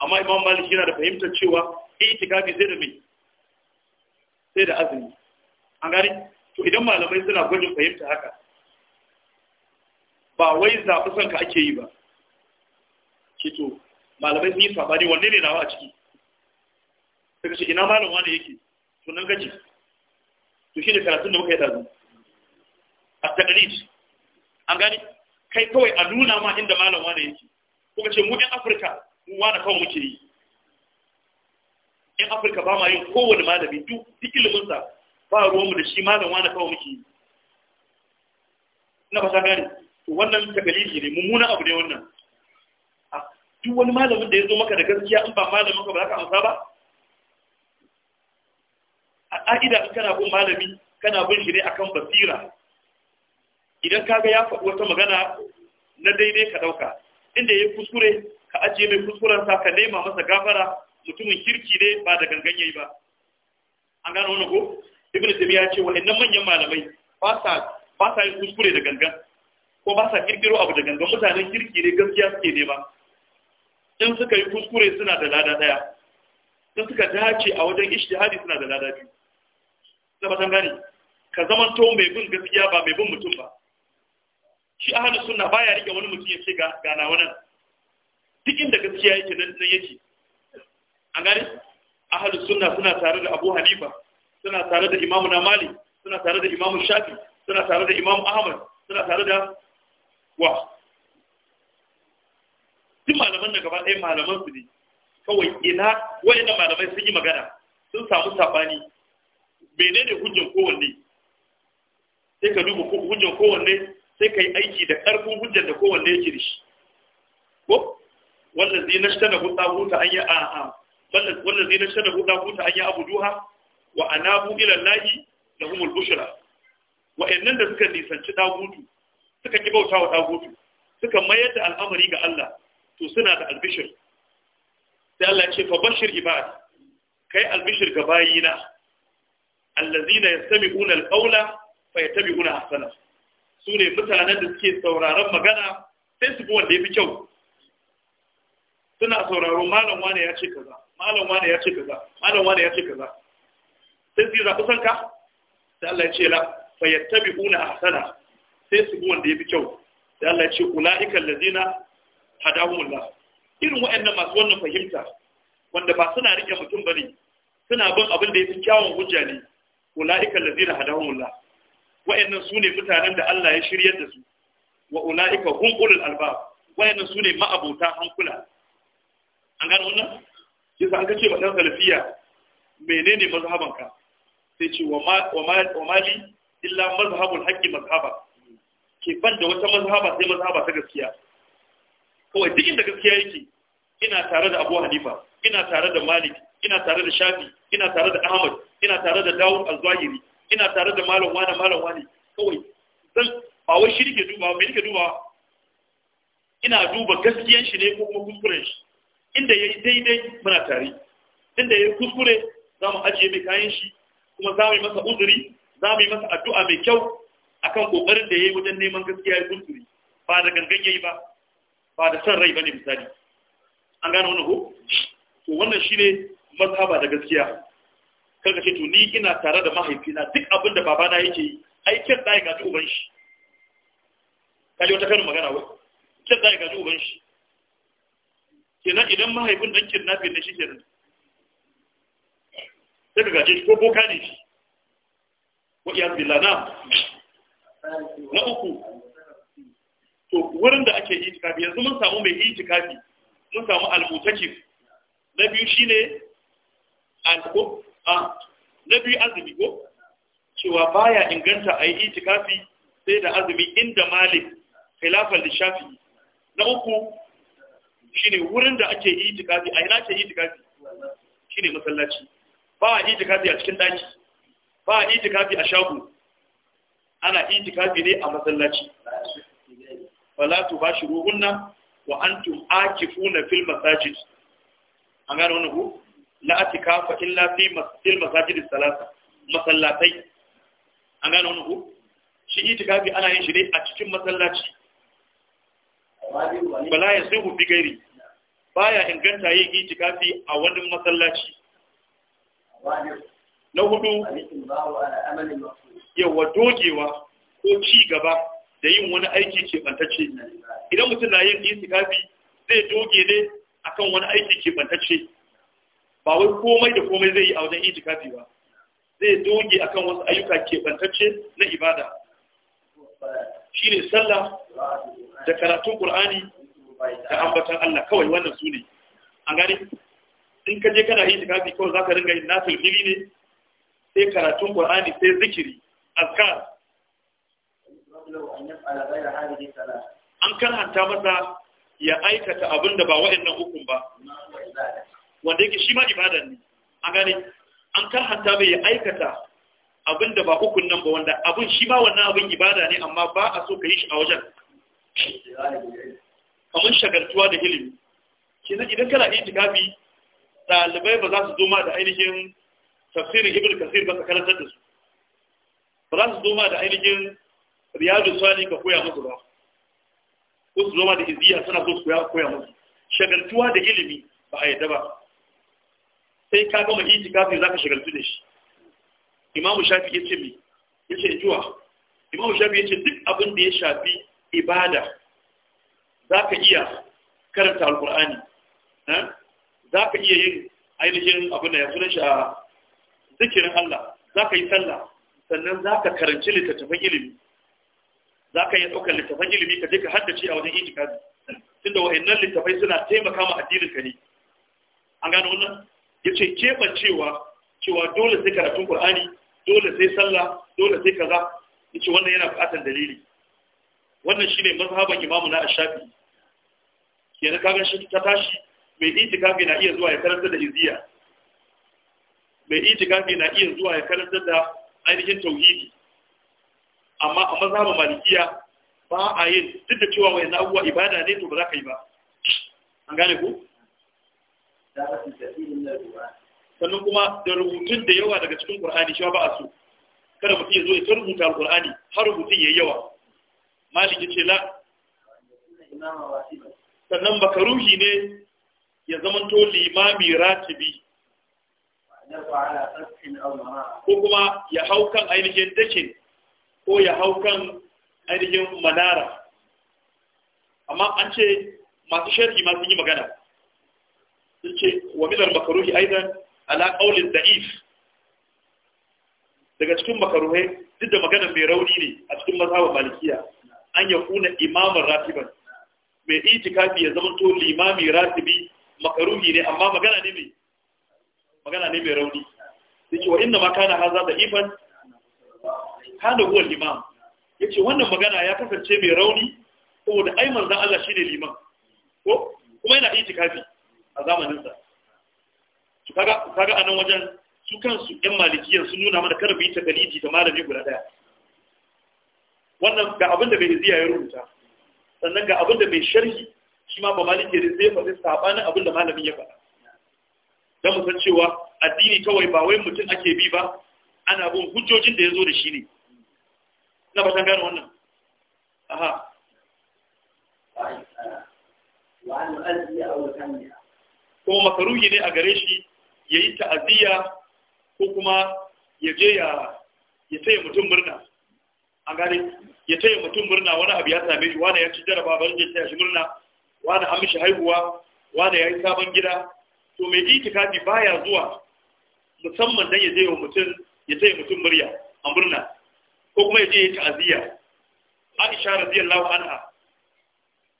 amma imam malik yana da fahimtar cewa tikafi zai da mai sai da azumi an gane to idan malamai suna gwajin fahimta haka ba wai zaɓi son ka ake yi ba ke to malamai sun yi saɓani wanne ne nawa a ciki daga shi ina malam wani yake to nan gaji to shi ne karatun da muka yi ɗazu a taƙalit an gani kai kawai a nuna ma inda malam wane yake kuma ce mu ɗin afirka mu wane kawai muke yi ɗin afirka ba ma yin kowane malami duk iliminsa ba ruwanmu da shi malam wane kawai muke yi na ba ta gane wannan takalili ne mummuna abu ne wannan A duk wani malamin da ya zo maka da gaskiya in ba malamin ka ba za ka amsa ba a ƙa'ida in kana bin malami kana bin shi ne akan basira idan kaga ya faɗi wata magana na daidai ka ɗauka inda ya kuskure ka ajiye mai kuskurensa ka nema masa gafara mutumin kirki ne ba da gangan yayi ba an gano wani ko Ibn tabiya ya ce wa'annan manyan malamai ba sa ba sa yin kuskure da gangan ko ba sa kirkiro abu da gangan mutanen kirki ne gaskiya suke ne ba? in suka yi kuskure suna da lada ɗaya. in suka dace a wajen ishtihadi suna da lada biyu da ba san gane ka to mai bin gaskiya ba mai bin mutum ba shi ahlus sunna baya rike wani mutum ya ce ga gana wannan duk inda gaskiya yake nan nan yake A gani a sunna suna tare da Abu Hanifa suna tare da na mali suna tare da imamu Shafi suna tare da imamu Ahmad suna tare da wa duk malaman na gaba ɗaya malaman su ne kawai ina na malamai sun yi magana sun samu sabani menene hujjan kowanne sai ka duba hujjan kowanne sai ka yi aiki da ƙarfin hujjar da kowanne yake da shi ko wanda zai nashta da huta huta an yi a a wanda zai nashta da huta huta an yi abu duha wa anabu ila lahi da humul bushra wa'annan da suka nisanci dagutu suka ki bauta wa dagutu suka mayar da al'amari ga Allah to suna da albishir sai Allah ya ce fa bashir ibad kai albishir ga bayina allazina yastami'una alqawla fa yattabi'una ahsanahu su ne mutanen da suke sauraron magana sai su bi wanda ya fi kyau suna sauraron malam wane ya ce kaza malam wane ya ce kaza malam wane ya ce kaza sai su yi zaɓi sanka Da Allah ya ce la fayyattabi una ahsana sai su bi wanda ya fi kyau Da Allah ya ce ulaika allazina hadahumullah irin waɗannan masu wannan fahimta wanda ba suna rike mutum bane suna bin abin da ya fi kyawun hujja ne ulaika allazina hadahumullah wayannan sune mutanen da Allah ya shiryar da su wa ulaika hum ulul albab wayannan sune ma'abota hankula an gano wannan yasa an kace dan salafiya menene mazhabanka sai ce wa ma wa mali illa mazhabul haqqi mazhaba ke ban da wata mazhaba sai mazhaba ta gaskiya kawai duk inda gaskiya yake ina tare da Abu Hanifa ina tare da Malik ina tare da Shafi ina tare da Ahmad ina tare da Dawud al-Zawahiri ina tare da malam wani malam wani kawai zan ba wai shi nake dubawa me nake dubawa ina duba gaskiyan shi ne ko kuma kuskure shi inda yayi daidai muna tare inda yayi kuskure za mu ajiye mai kayan shi kuma za mu yi masa uzuri za mu yi masa addu'a mai kyau akan kokarin da yayi wajen neman gaskiya ya kuskure ba da gangan yayi ba ba da san rai bane misali an gane wannan ko to wannan shine mazhaba da gaskiya kar ka ce to ni ina tare da mahaifina duk abin da babana yake yi ai kin dai ga ji uban shi kaji wata kan magana wai kin dai ga ji uban shi kenan idan mahaifin dan nafi ne shi kenan sai ka gaje ko boka ne shi wa ya billah na na uku to wurin da ake itikafi yanzu mun samu mai itikafi mun samu almutakif na biyu shine alko a na biyu azumi ko cewa baya inganta a yi itikafi sai da azumi inda malik da shafi. na uku shi ne wurin da ake itikafi a ina ake itikafi ne masallaci ba a itikafi a cikin daki ba a itikafi a shago ana itikafi ne a masallaci shi ruhunna wa antum funa fil sajid. an gane wani ku la atikafa illa fi masjidil masajid salasa masallatai an gane wani ku shi itikafi ana yin shi ne a cikin masallaci bala ya sai bi gairi baya inganta yin itikafi a wani masallaci na hudu yawa dogewa ko ci gaba da yin wani aiki keɓantacce idan mutum na yin itikafi zai doge ne akan wani aiki keɓantacce ba wai komai da komai zai yi a wajen itikafi ba zai doge akan wasu ayyuka bantacce na ibada shi ne sallah da karatun ƙul'ani da ambatan Allah kawai wannan su ne an gani in ka je kana itikafi kawai za ka ringa yin nasul fili ne sai karatun ƙul'ani sai zikiri azkar an karanta masa ya aikata abin da ba waɗannan hukun ba wanda yake shi ma ibada ne an gane an karhanta mai ya aikata abin da ba hukun nan ba wanda abin shi ma wannan abin ibada ne amma ba a so ka yi shi a wajen kamar shagaltuwa da ilimi Ke kenan idan kana tikafi ɗalibai ba za su zo ma da ainihin tafsirin ibn kasir ba karantar da su ba za su zo ma da ainihin riyadu sani ka koya musu ba ko su zo ma da iziya suna so su koya musu shagaltuwa da ilimi ba a yadda ba sai ka gama kafin za ka shagaltu da shi imam shafi ya ce mi ya ce juwa imam shafi ya ce duk abin da ya shafi ibada za ka iya karanta alkur'ani za ka iya yin ainihin abin da ya suna shi a zikirin Allah za ka yi sallah sannan za ka karanci littattafan ilimi za ka yi ɗaukar littattafan ilimi ka je ka haddace a wajen da tunda wa'annan littattafai suna taimaka ma addinin ka ne an gano wannan ya ce keɓancewa cewa dole sai karatun ƙur'ani dole sai sallah dole sai kaza ya ce wannan yana buƙatar dalili wannan shi ne mazhaban imamu na ashafi Yana kagan shi ta tashi mai itikafi na iya zuwa ya karanta da iziya mai itikafi na iya zuwa ya karanta da ainihin tauhidi amma a mazhaban malikiya ba a yin duk da cewa wayannan abubuwa ibada ne to ba za ka yi ba an gane ku sannan kuma da rubutun da yawa daga cikin ƙur'ani shi ba a so kada mutum ya zo ya rubuta ƙurani har rubutun yi yawa maliki ce la sannan makaruhi ne ya zamanto limami ratibi ko kuma ya hau kan ainihin dakin ko ya hau kan ainihin manara amma an ce masu sharhi ma yi magana sun ce wa minar makaruhi aidan ala qaulin da'if daga cikin makaruhe duk da magana mai rauni ne a cikin mazhabin malikiya an ya kuna imaman ratiban mai itikafi ya zama to limami ratibi makaruhi ne amma magana ne mai magana ne mai rauni yace wa inna ma kana haza da ifan kana huwa limam yace wannan magana ya kasance mai rauni saboda ai manzon Allah shine liman ko kuma yana itikafi a zamaninsa su kaga kaga anan wajen su kansu yan malikiyar sun nuna mana karfi ta yi ta da malami guda daya wannan ga abin da bai iziya ya rubuta sannan ga abin da bai sharhi shi ma ba maliki da zai faɗi sabanin abin da malamin ya faɗa don mu san cewa addini kawai ba wai mutum ake bi ba ana bin hujjojin da ya zo da shi ne na batan gano wannan aha وأن نؤدي أو نكملها kuma makaruhi ne a gare shi ya yi ta'aziyya ko kuma ya je ya taya mutum murna a gane ya taya mutum murna wani abu ya same shi wani ya ci jaraba bari ya taya shi murna wani an mishi haihuwa wani ya yi sabon gida to mai itikafi baya zuwa musamman dan ya je wa mutum ya taya mutum murya a murna ko kuma ya je ya ta'aziyya Aisha radiyallahu anha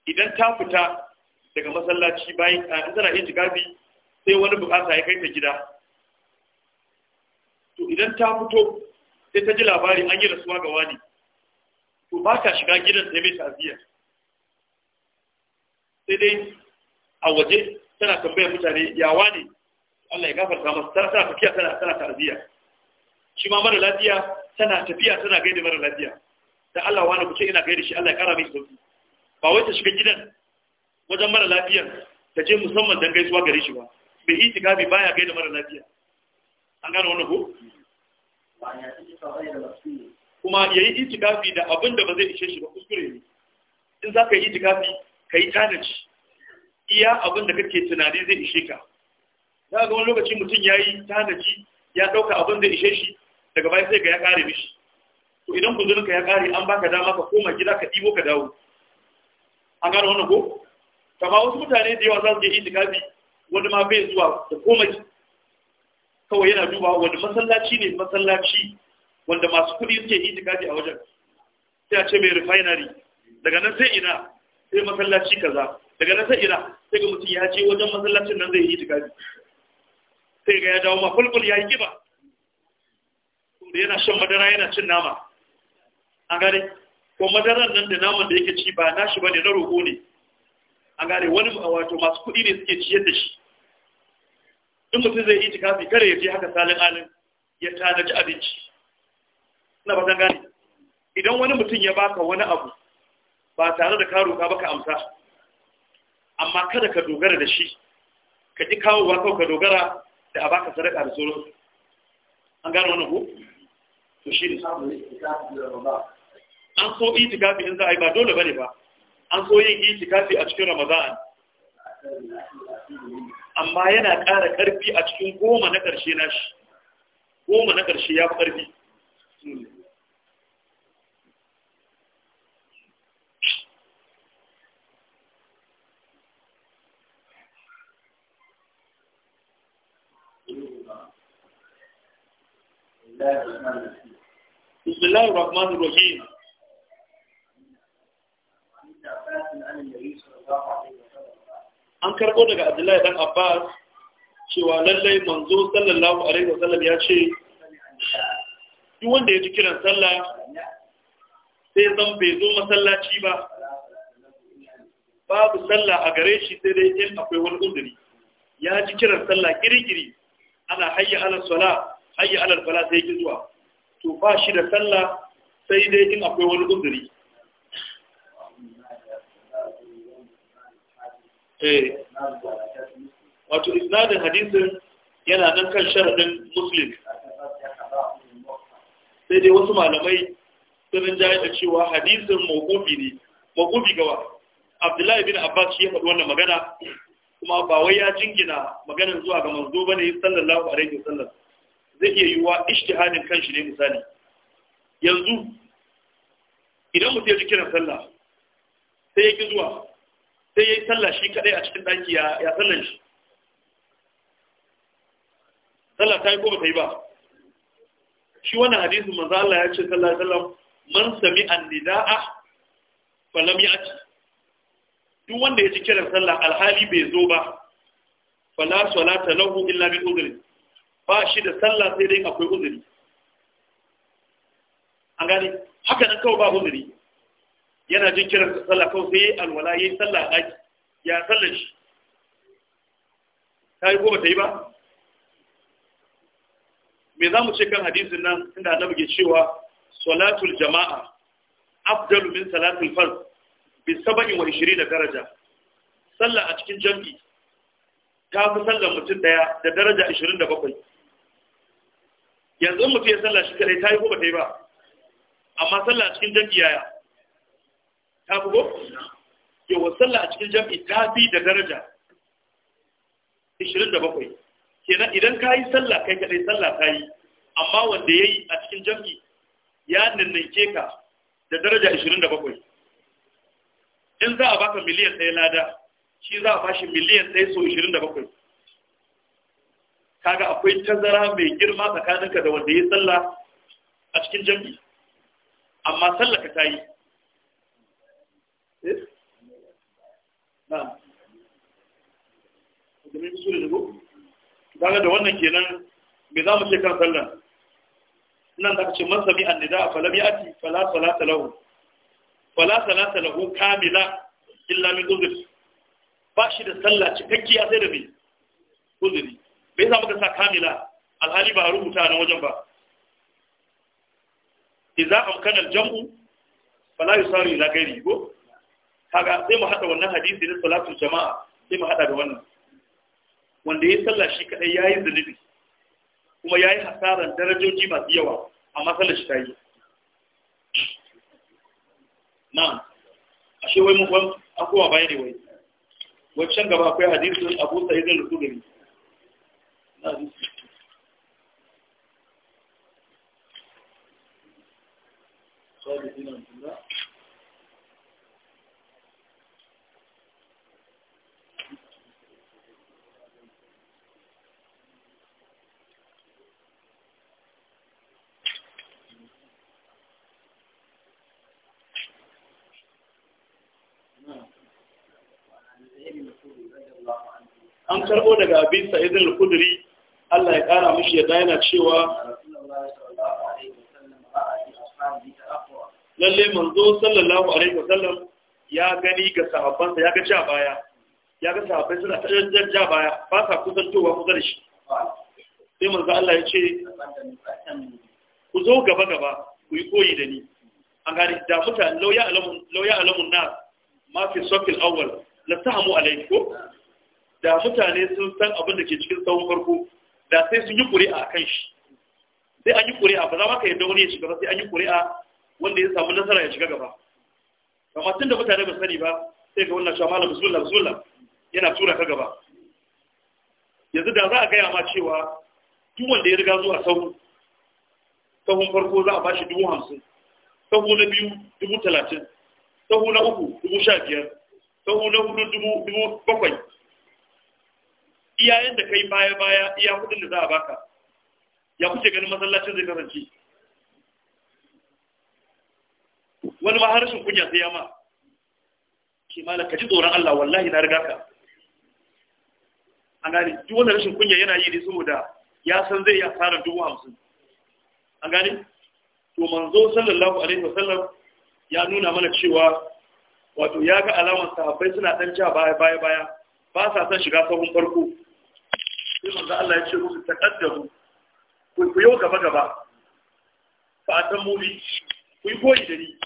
idan ta fita daga masallaci bayan in tana yin jikafi sai wani bukata ya kai ta gida to idan ta fito sai ta ji labari an yi rasuwa ga wani to ba ta shiga gidan sai mai ta'aziyya sai dai a waje tana tambayar mutane ya wani Allah ya gafarta masu tara tana tafiya tana tana ta'aziyya shi ma mara lafiya tana tafiya tana gaida mara lafiya da Allah wani ku ce ina gaida shi Allah ya kara mai sauki ba wai ta shiga gidan wajen mara lafiyar ta ce musamman don gaisuwa gare shi ba bai yi tikafi baya gai da mara lafiya an gano wannan ko kuma ya yi itikafi da abin da ba zai ishe shi ba kuskure ne in za ka yi kafi ka yi tanaci iya abin da kake tunani zai ishe ka za ga wani lokaci mutum ya yi tanaci ya ɗauka abin da ishe shi daga baya sai ga ya ƙare mishi to idan kuzurinka ya ƙare an baka dama ka koma gida ka ɗibo ka dawo an gano wannan ko kama wasu mutane da yawa za su je itikafi wani ma bai zuwa da komai kawai yana duba wani masallaci ne masallaci wanda masu kuɗi suke itikafi a wajen sai a ce mai refinery daga nan sai ina sai masallaci kaza daga nan sai ina sai ga mutum ya ce wajen masallacin nan zai yi itikafi sai ga ya dawo ma kulkul ya yi kiba da yana shan madara yana cin nama an gane ko madaran nan da naman da yake ci ba nashi bane na roƙo ne an gane wani wato masu kuɗi ne suke ciyar da shi in mutum zai yi kafi kare ya je haka salin alin ya tanaji abinci na ba gane idan wani mutum ya baka wani abu ba tare da karo ka baka amsa amma kada ka dogara da shi ka ji kawo ba kawo ka dogara da a baka sadaka da sauran an gane wani ko to shi ne an so kafi in za a yi ba dole bane ba an so yin itikafi a cikin ramadan amma yana ƙara ƙarfi a cikin goma na ƙarshe nashi. goma na ƙarshe ya fi ƙarfi بسم الله الرحمن الرحيم an karɓo daga abdullahi dan abbas cewa lallai manzo sallallahu alaihi sallam ya ce duk wanda ya ji kiran sallah sai zan bai zo masallaci ba babu sallah a gare shi sai dai in akwai wani uzuri ya ji kiran sallah kirikiri ana hayya ala sala hayya ala fala sai ki zuwa to ba shi da sallah sai dai in akwai wani uzuri Eh. wato isnadin hadisin yana nan kan sharadin muslim sai dai wasu malamai sun jaye da cewa hadisin mawqufi ne mawqufi gawa abdullahi bin abbas shi ya faɗi wannan magana kuma ba wai ya jingina maganar zuwa ga manzo ba ne sallallahu alaihi wasallam zai iya yiwuwa ishtihadin kan kanshi ne misali yanzu idan mutum ya ji kiran sallah sai ya ki zuwa sai ya yi sallah shi kadai a cikin ɗaki ya sallar shi sallah ta yi ko ta yi ba shi wannan hadisun maza Allah ya ce sallah alaihi man sami nida'a. falam ya ci duk wanda ya ji kiran sallah alhali bai zo ba fala salata lahu illa bi udhri ba shi da sallah sai dai akwai uzuri an gani haka nan kawai ba uzuri yana jin kiran ta sallah kawai sai alwala yayi sallah daki ya sallar shi ta yi ko bata yi ba me za mu ce kan hadisin nan inda annabi ke cewa salatul jama'a afdalu min salatul fard bi 27 daraja sallah a cikin jam'i ta fi sallar mutum daya da daraja 27 yanzu mutum ya sallah shi kare ta yi ko bata yi ba amma sallah a cikin jam'i yaya ta bugo yawa sallah a cikin jam'i ta fi da daraja 27 kenan idan ka yi sallah kai kadai sallah ka yi amma wanda ya yi a cikin jam'i ya ninninke ka da daraja 27 in za a baka miliyan ɗaya lada shi za a bashi miliyan ɗaya so 27 kaga akwai tazara mai girma tsakaninka da wanda ya yi sallah a cikin jam'i amma sallah ka ta yi eh na'am da mai da go da wannan kenan me za mu ce kan sallah nan da kace man sami annida falam yati fala salata lahu fala salata lahu kamila illamin min ba shi da sallah cikakkiya sai da me udhri bai sa muka sa kamila alhali ba a rubuta na wajen ba idza amkana aljam'u fala yusari ila ghairi go kaga sai mu haɗa wannan hadisi na salatul jama'a sai mu haɗa da wannan wanda ya sallah shi kadai yayi zunubi kuma yayi hasaran darajoji masu yawa amma sallar shi ta yi na'am ashe wai mu ban akwai koma baya ne wai wancan gaba akwai hadisin Abu Sa'id al-Khudri Thank you. karbo daga abin sa izin khudri Allah ya kara mushi yadda yana cewa lalle manzo sallallahu alaihi wasallam ya gani ga sahabbansa ya ga ja baya ya ga sahabbai suna ta ja baya ba sa kusantowa kusa da shi sai manzo Allah ya ce ku zo gaba gaba ku yi koyi da ni an gani da mutane lauya alamun na ma fi sokil awwal la tahamu alaikum da mutane sun san abin da ke cikin tsawon farko da sai sun yi ƙuri'a a kan shi sai an yi ƙuri'a ba za ma ka yadda wani ya shiga ba sai an yi ƙuri'a wanda ya samu nasara ya shiga gaba amma tun da mutane ba sani ba sai ga wannan shamala bisullah bisullah yana tura ka gaba yanzu da za a gaya ma cewa duk wanda ya riga zuwa sahu sahun farko za a ba shi dubu hamsin sahu na biyu dubu talatin sahu na uku dubu sha biyar sahu na hudu dubu bakwai iya yanda kai baya baya iya kudin da za a baka ya kuce ganin masallacin zai kasance wani ma harshen kunya sai ya ma ke mala ka ji tsoron Allah wallahi na riga ka an gani, duk wanda rashin kunya yana yi ne saboda ya san zai ya fara dubu hamsin an gani, to manzo sallallahu alaihi wasallam ya nuna mana cewa wato ya ga alamar sahabbai suna dan ja baya baya baya ba sa son shiga sahun farko sai manzo Allah ya ce musu taqaddamu ku ku yau gaba gaba fa ta muli ku yi koyi da ni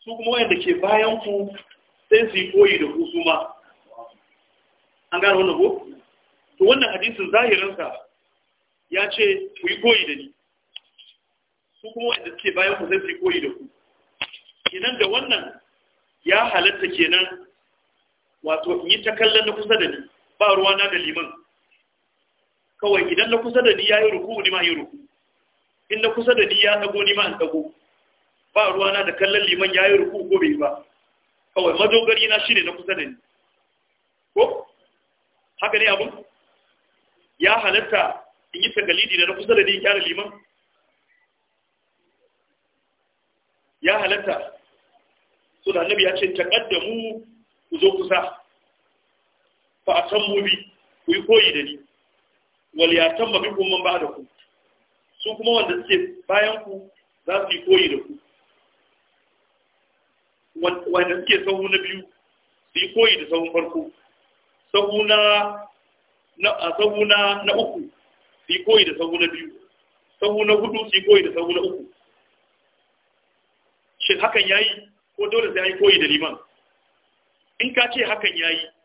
su kuma wanda ke bayan ku sai su yi koyi da ku su ma an gane wannan ko to wannan hadisin zahirinsa ya ce ku yi koyi da ni su kuma wanda suke bayan ku sai su yi koyi da ku kenan da wannan ya halatta kenan wato in yi ta kallon na kusa da ni ba ruwana da liman kawai idan na kusa da ni ya yi ruku ni ma yi ruku in na kusa da ni ya dago ni ma an dago ba ruwana da kallon liman ya yi ruku ko bai ba kawai madogari na shine na kusa da ni ko haka ne abun ya halatta in yi tagalidi da na kusa da ni kyara liman ya halatta so da annabi ya ce taqaddamu ku zo kusa fa san mubi ku yi koyi da ni wal kuma ba da ku? su kuma wanda suke bayan ku za su yi koyi da ku wanda suke sahu na biyu su yi koyi da sahun farko sahu na sahu na na uku su yi koyi da sahu na biyu sahu na hudu su yi koyi da sahu na uku shin hakan yayi ko dole sai an yi koyi da liman in ka ce hakan yayi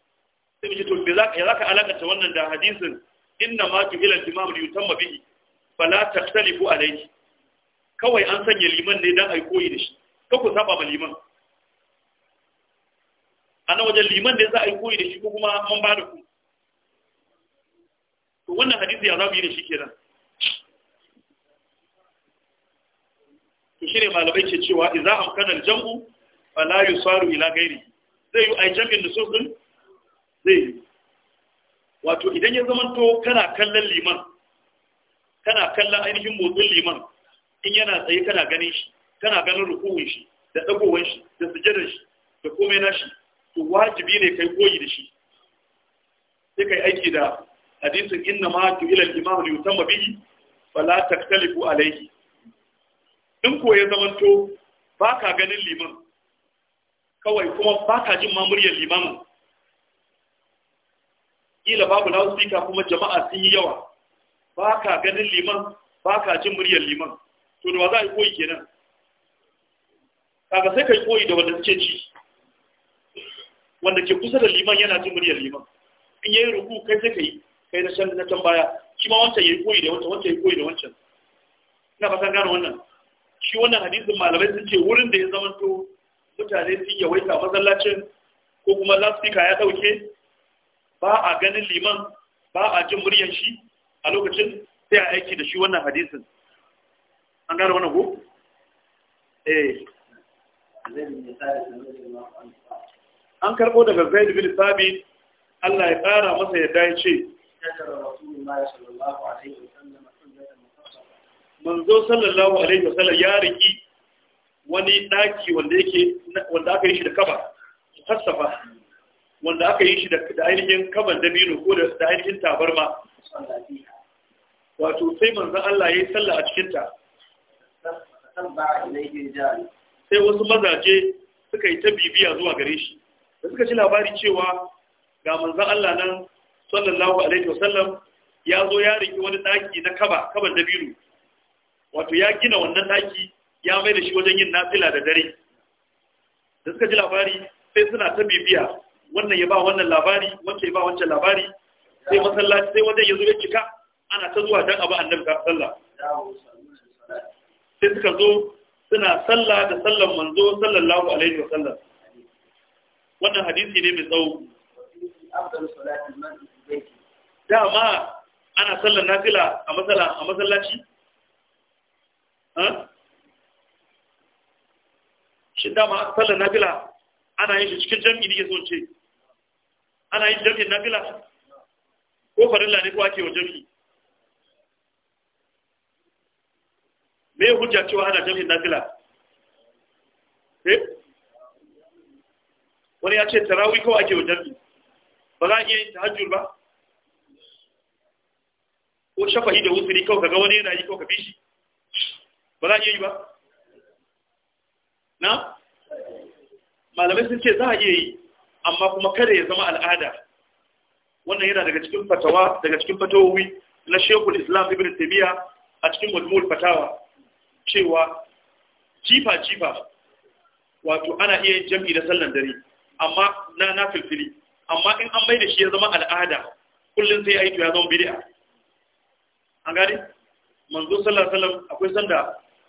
sai ji to bi zaka ya zaka ta wannan da hadisin inna ma tu ila imam li yutamma bihi fala taktalifu alayhi kawai an sanya liman ne dan ai koyi da shi ka ku saba ma liman ana wajen liman ne za a yi koyi da shi ko kuma man ba da ku to wannan hadisi ya zamu yi da shi kenan shi ne malamai ke cewa idan amkana al-jam'u fala yusaru ila gairi sai yi ai jam'in da din zai yi wato idan ya zama to kana kallon liman kana kallon ainihin motsin liman in yana tsaye kana ganin shi kana ganin rukunin shi da dagowar shi da sujadar shi da komai na shi to wajibi ne kai koyi da shi sai kai aiki da hadisin inna ma tu ila al-imam li yutamma bihi fala taktalifu alayhi in ko ya zama to baka ganin liman kawai kuma baka jin mamuriyar limamin kila babu loudspeaker kuma jama'a sun yi yawa ba ka ganin liman ba ka jin muryar liman to da za a yi koyi kenan kaga sai ka yi koyi da wanda suke ci wanda ke kusa da liman yana jin muryar liman in yayi ruku kai sai kai kai na can na can baya shi ma wancan yayi koyi da wancan wancan yayi koyi da wancan ina san gane wannan shi wannan hadisin malamai sun ce wurin da ya zamanto mutane sun yawaita masallacin ko kuma loudspeaker ya dauke ba a ganin liman ba a jin muryan shi a lokacin sai a aiki da shi wannan hadisin an gane wannan ko eh an karbo daga zaid bin sabit Allah ya tsara masa yadda ya ce manzo sallallahu alaihi wasallam ya riki wani daki wanda yake wanda aka yi shi da kaba kasafa wanda aka yi shi da ainihin kaban dabino ko da ainihin tabarma wato sai manzan Allah ya yi sallah a ta sai wasu mazaje suka yi ta bibiya zuwa gare shi da suka ci labari cewa ga manzan Allah nan sallallahu alaihi wasallam ya zo ya riki wani daki na kaba kaban dabino wato ya gina wannan daki ya mai da shi wajen yin nafila da dare da suka ji labari sai suna ta bibiya wannan ya ba wannan labari wancan ya ba wancan labari sai masallaci sai wajen ya zo ya cika ana ta zuwa dan abu annabi ka sallah sai suka zo suna sallah da sallan manzo sallallahu alaihi wa sallam wannan hadisi ne mai tsawo dama ana sallan nafila a masala a masallaci shi dama sallan nafila ana yin shi cikin jami'i ne ke so ce ana yin na nafila ko farilla ne ko ake wa jam'i me hujja cewa ana jam'in na eh wani ya ce tarawi ko ake wa jam'i ba za a iya yin tahajjud ba ko shafahi da wuturi kawai kaga wani yana yi kawai ka shi ba za a iya yi ba na malamai sun ce za a iya yi amma kuma kada ya zama al'ada wannan yana daga cikin fatawa daga cikin fatawowi na shekul islam ibn tabiya a cikin majmul fatawa cewa jifa jifa wato ana iya yin jam'i da sallan dare amma na na filfili amma in an bai da shi ya zama al'ada kullum sai aiki ya zama bid'a an gani manzo sallallahu alaihi wasallam akwai sanda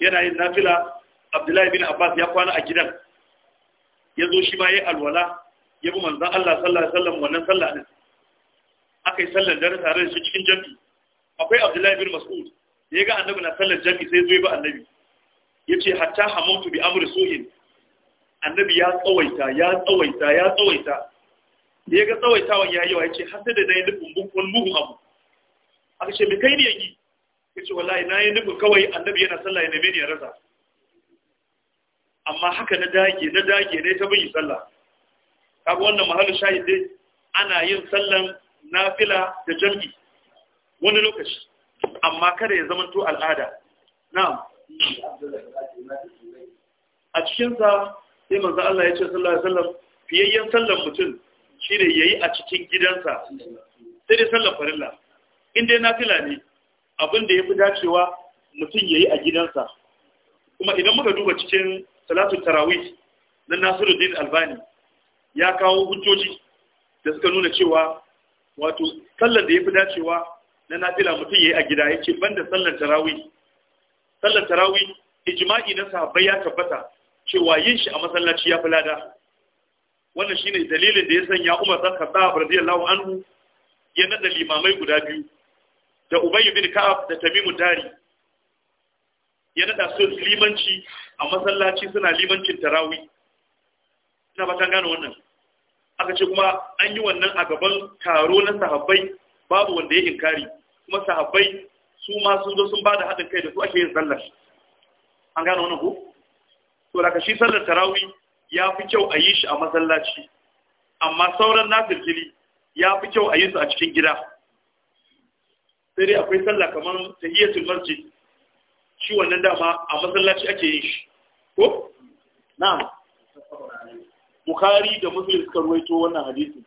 yana yin nafila abdullahi bin abbas ya kwana a gidan ya zo shi ma ya alwala ya bi manzan Allah sallallahu alaihi wasallam wannan sallah din akai yi sallar dare tare da shi cikin jami'i akwai Abdullahi bin Mas'ud da ya ga annabi na sallar jami'i sai zo ya bi annabi yace hatta hamantu bi amri su'in annabi ya tsawaita ya tsawaita ya tsawaita da ya ga tsawaitawan ya yi wa yace har sai da dai nufin bukun muhu abu aka ce me kai ne yi yace wallahi na yi nufin kawai annabi yana sallah ya neme ya rasa amma haka na dage na dage ne ta bin sallah kaga wannan mahallin shahid dai ana yin sallan nafila da jam'i wani lokaci amma kada ya zamanto al'ada na'am a cikinsa sai manzo Allah ya ce sallallahu alaihi wasallam fiyayyen sallan mutum shine yayi a cikin gidansa sai dai sallan farilla in dai nafila ne abin da yafi dacewa mutum yayi a gidansa kuma idan muka duba cikin salatu tarawih na Nasiruddin Albani ya kawo hujjoji da suka nuna cewa wato sallar da ya fi dacewa na nafila mutum ya yi a gida ya ce banda sallar tarawi. sallar tarawi ijma'i na sahabbai ya tabbata cewa yin shi a masallaci ya fi lada wannan shine dalilin da ya sanya Umar dan Khattab radiyallahu anhu ya nada limamai guda biyu da Ubay bin Ka'ab da Tamimu Dari ya nada su limanci a masallaci suna limancin tarawih ina ba ta gane wannan aka ce kuma an yi wannan a gaban taro na sahabbai babu wanda ya inkari kuma sahabbai su ma sun zo sun ba da haɗin kai da su ake yin sallar an gane wannan ko to ka shi sallar tarawi ya fi kyau a yi shi a masallaci amma sauran nafilfili ya fi kyau a yi su a cikin gida sai dai akwai sallah kamar ta iya masjid shi wannan dama a masallaci ake yin shi ko na'am bukhari da muslim suka ruwaito wannan hadisin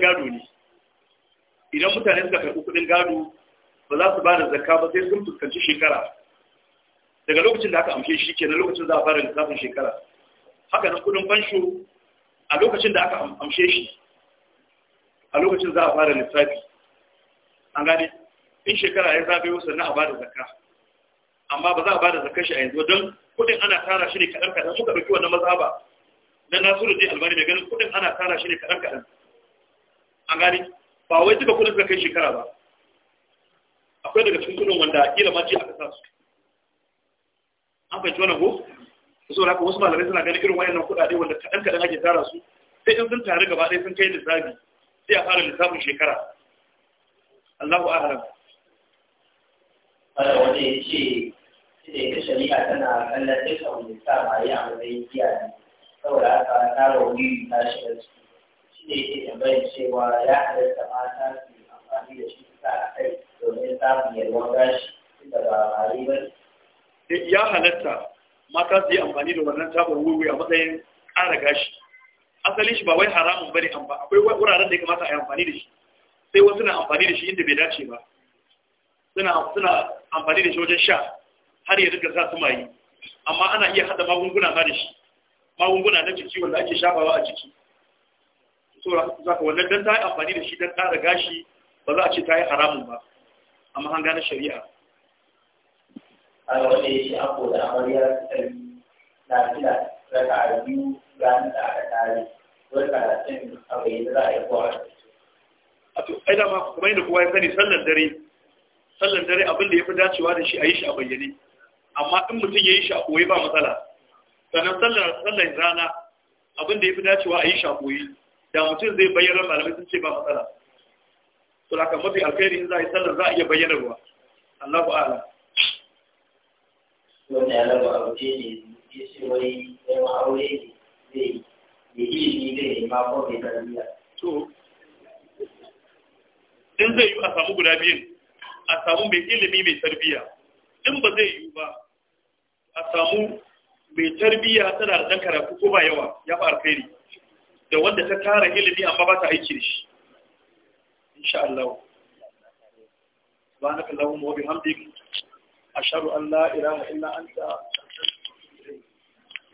gado ne idan mutane suka karɓi kuɗin gado ba za su ba da zakka ba sai sun fuskanci shekara daga lokacin da aka amshe shi kenan lokacin za a fara lissafin shekara haka na kuɗin fansho a lokacin da aka amshe shi a lokacin za a fara lissafi an gane in shekara ya wasu sannan a ba da zakka amma ba za a ba da zakka shi a yanzu don kuɗin ana tara shi ne kaɗan kaɗan suka ɗauki wannan dan na nasiru dai albani mai ganin kuɗin ana tara shi ne kaɗan kaɗan an gani ba wai duka kudin suka kai shekara ba akwai daga cikin kudin wanda kila ma ce aka sa su an fahimci wannan ko so haka wasu malamai suna ganin irin wayannan kudade wanda kaɗan kaɗan ake tara su sai in sun tare gaba ɗaya sun kai lissafi sai a fara lissafin shekara Allahu a'lam ana wanda ya ce da shari'a tana kallon dukkan wani sa ma yi a matsayin ne saboda haka na rauni na shiga sai yake tambayar cewa ya halatta mata su amfani da shi ta a kai domin samun yalwar gashi da ba mari ba eh, ya halatta mata su yi amfani da wannan tabar wuri a matsayin ƙara gashi asalin shi ba wai haramun bane amma akwai wuraren da ya kamata a yi amfani da shi sai wasu na amfani da shi inda bai dace ba suna suna amfani da shi wajen sha har ya rika sa su mayi amma ana iya hada magunguna ma da shi magunguna na jiki wanda ake shafawa a jiki za saka wannan don ta yi amfani da shi dan ƙara gashi ba za a ce ta yi haramun ba amma an gane shari'a a wanda ya shi ako da amarya na fila raka a biyu ranar da aka tare da karatun abu da za a yi kowa a to ai dama kuma yadda kowa ya sani sallar dare sallar dare abin da ya fi dacewa da shi a yi shi a bayyane amma in mutum ya yi shi a koyi ba matsala sannan sallar sallar rana abin da ya fi dacewa a yi shi a koyi da mutum zai bayyana malamai sun ce ba matsala to kamar mafi alkhairi in za a yi sallar za a iya bayyanarwa Allahu Allah. wannan ya raba abu ne ya ce wai ya aure ne zai yi. yi ne zai yi ma ko tarbiyya to in zai yi a samu guda biyun a samu mai ilimi mai tarbiyya in ba zai yi ba a samu mai tarbiyya tana da karatu ko ba yawa ya fi alkhairi da wanda ta tara ilimi amma ba ta aiki da shi insha Allah subhanaka allahumma wa bihamdika ashhadu an la ilaha illa anta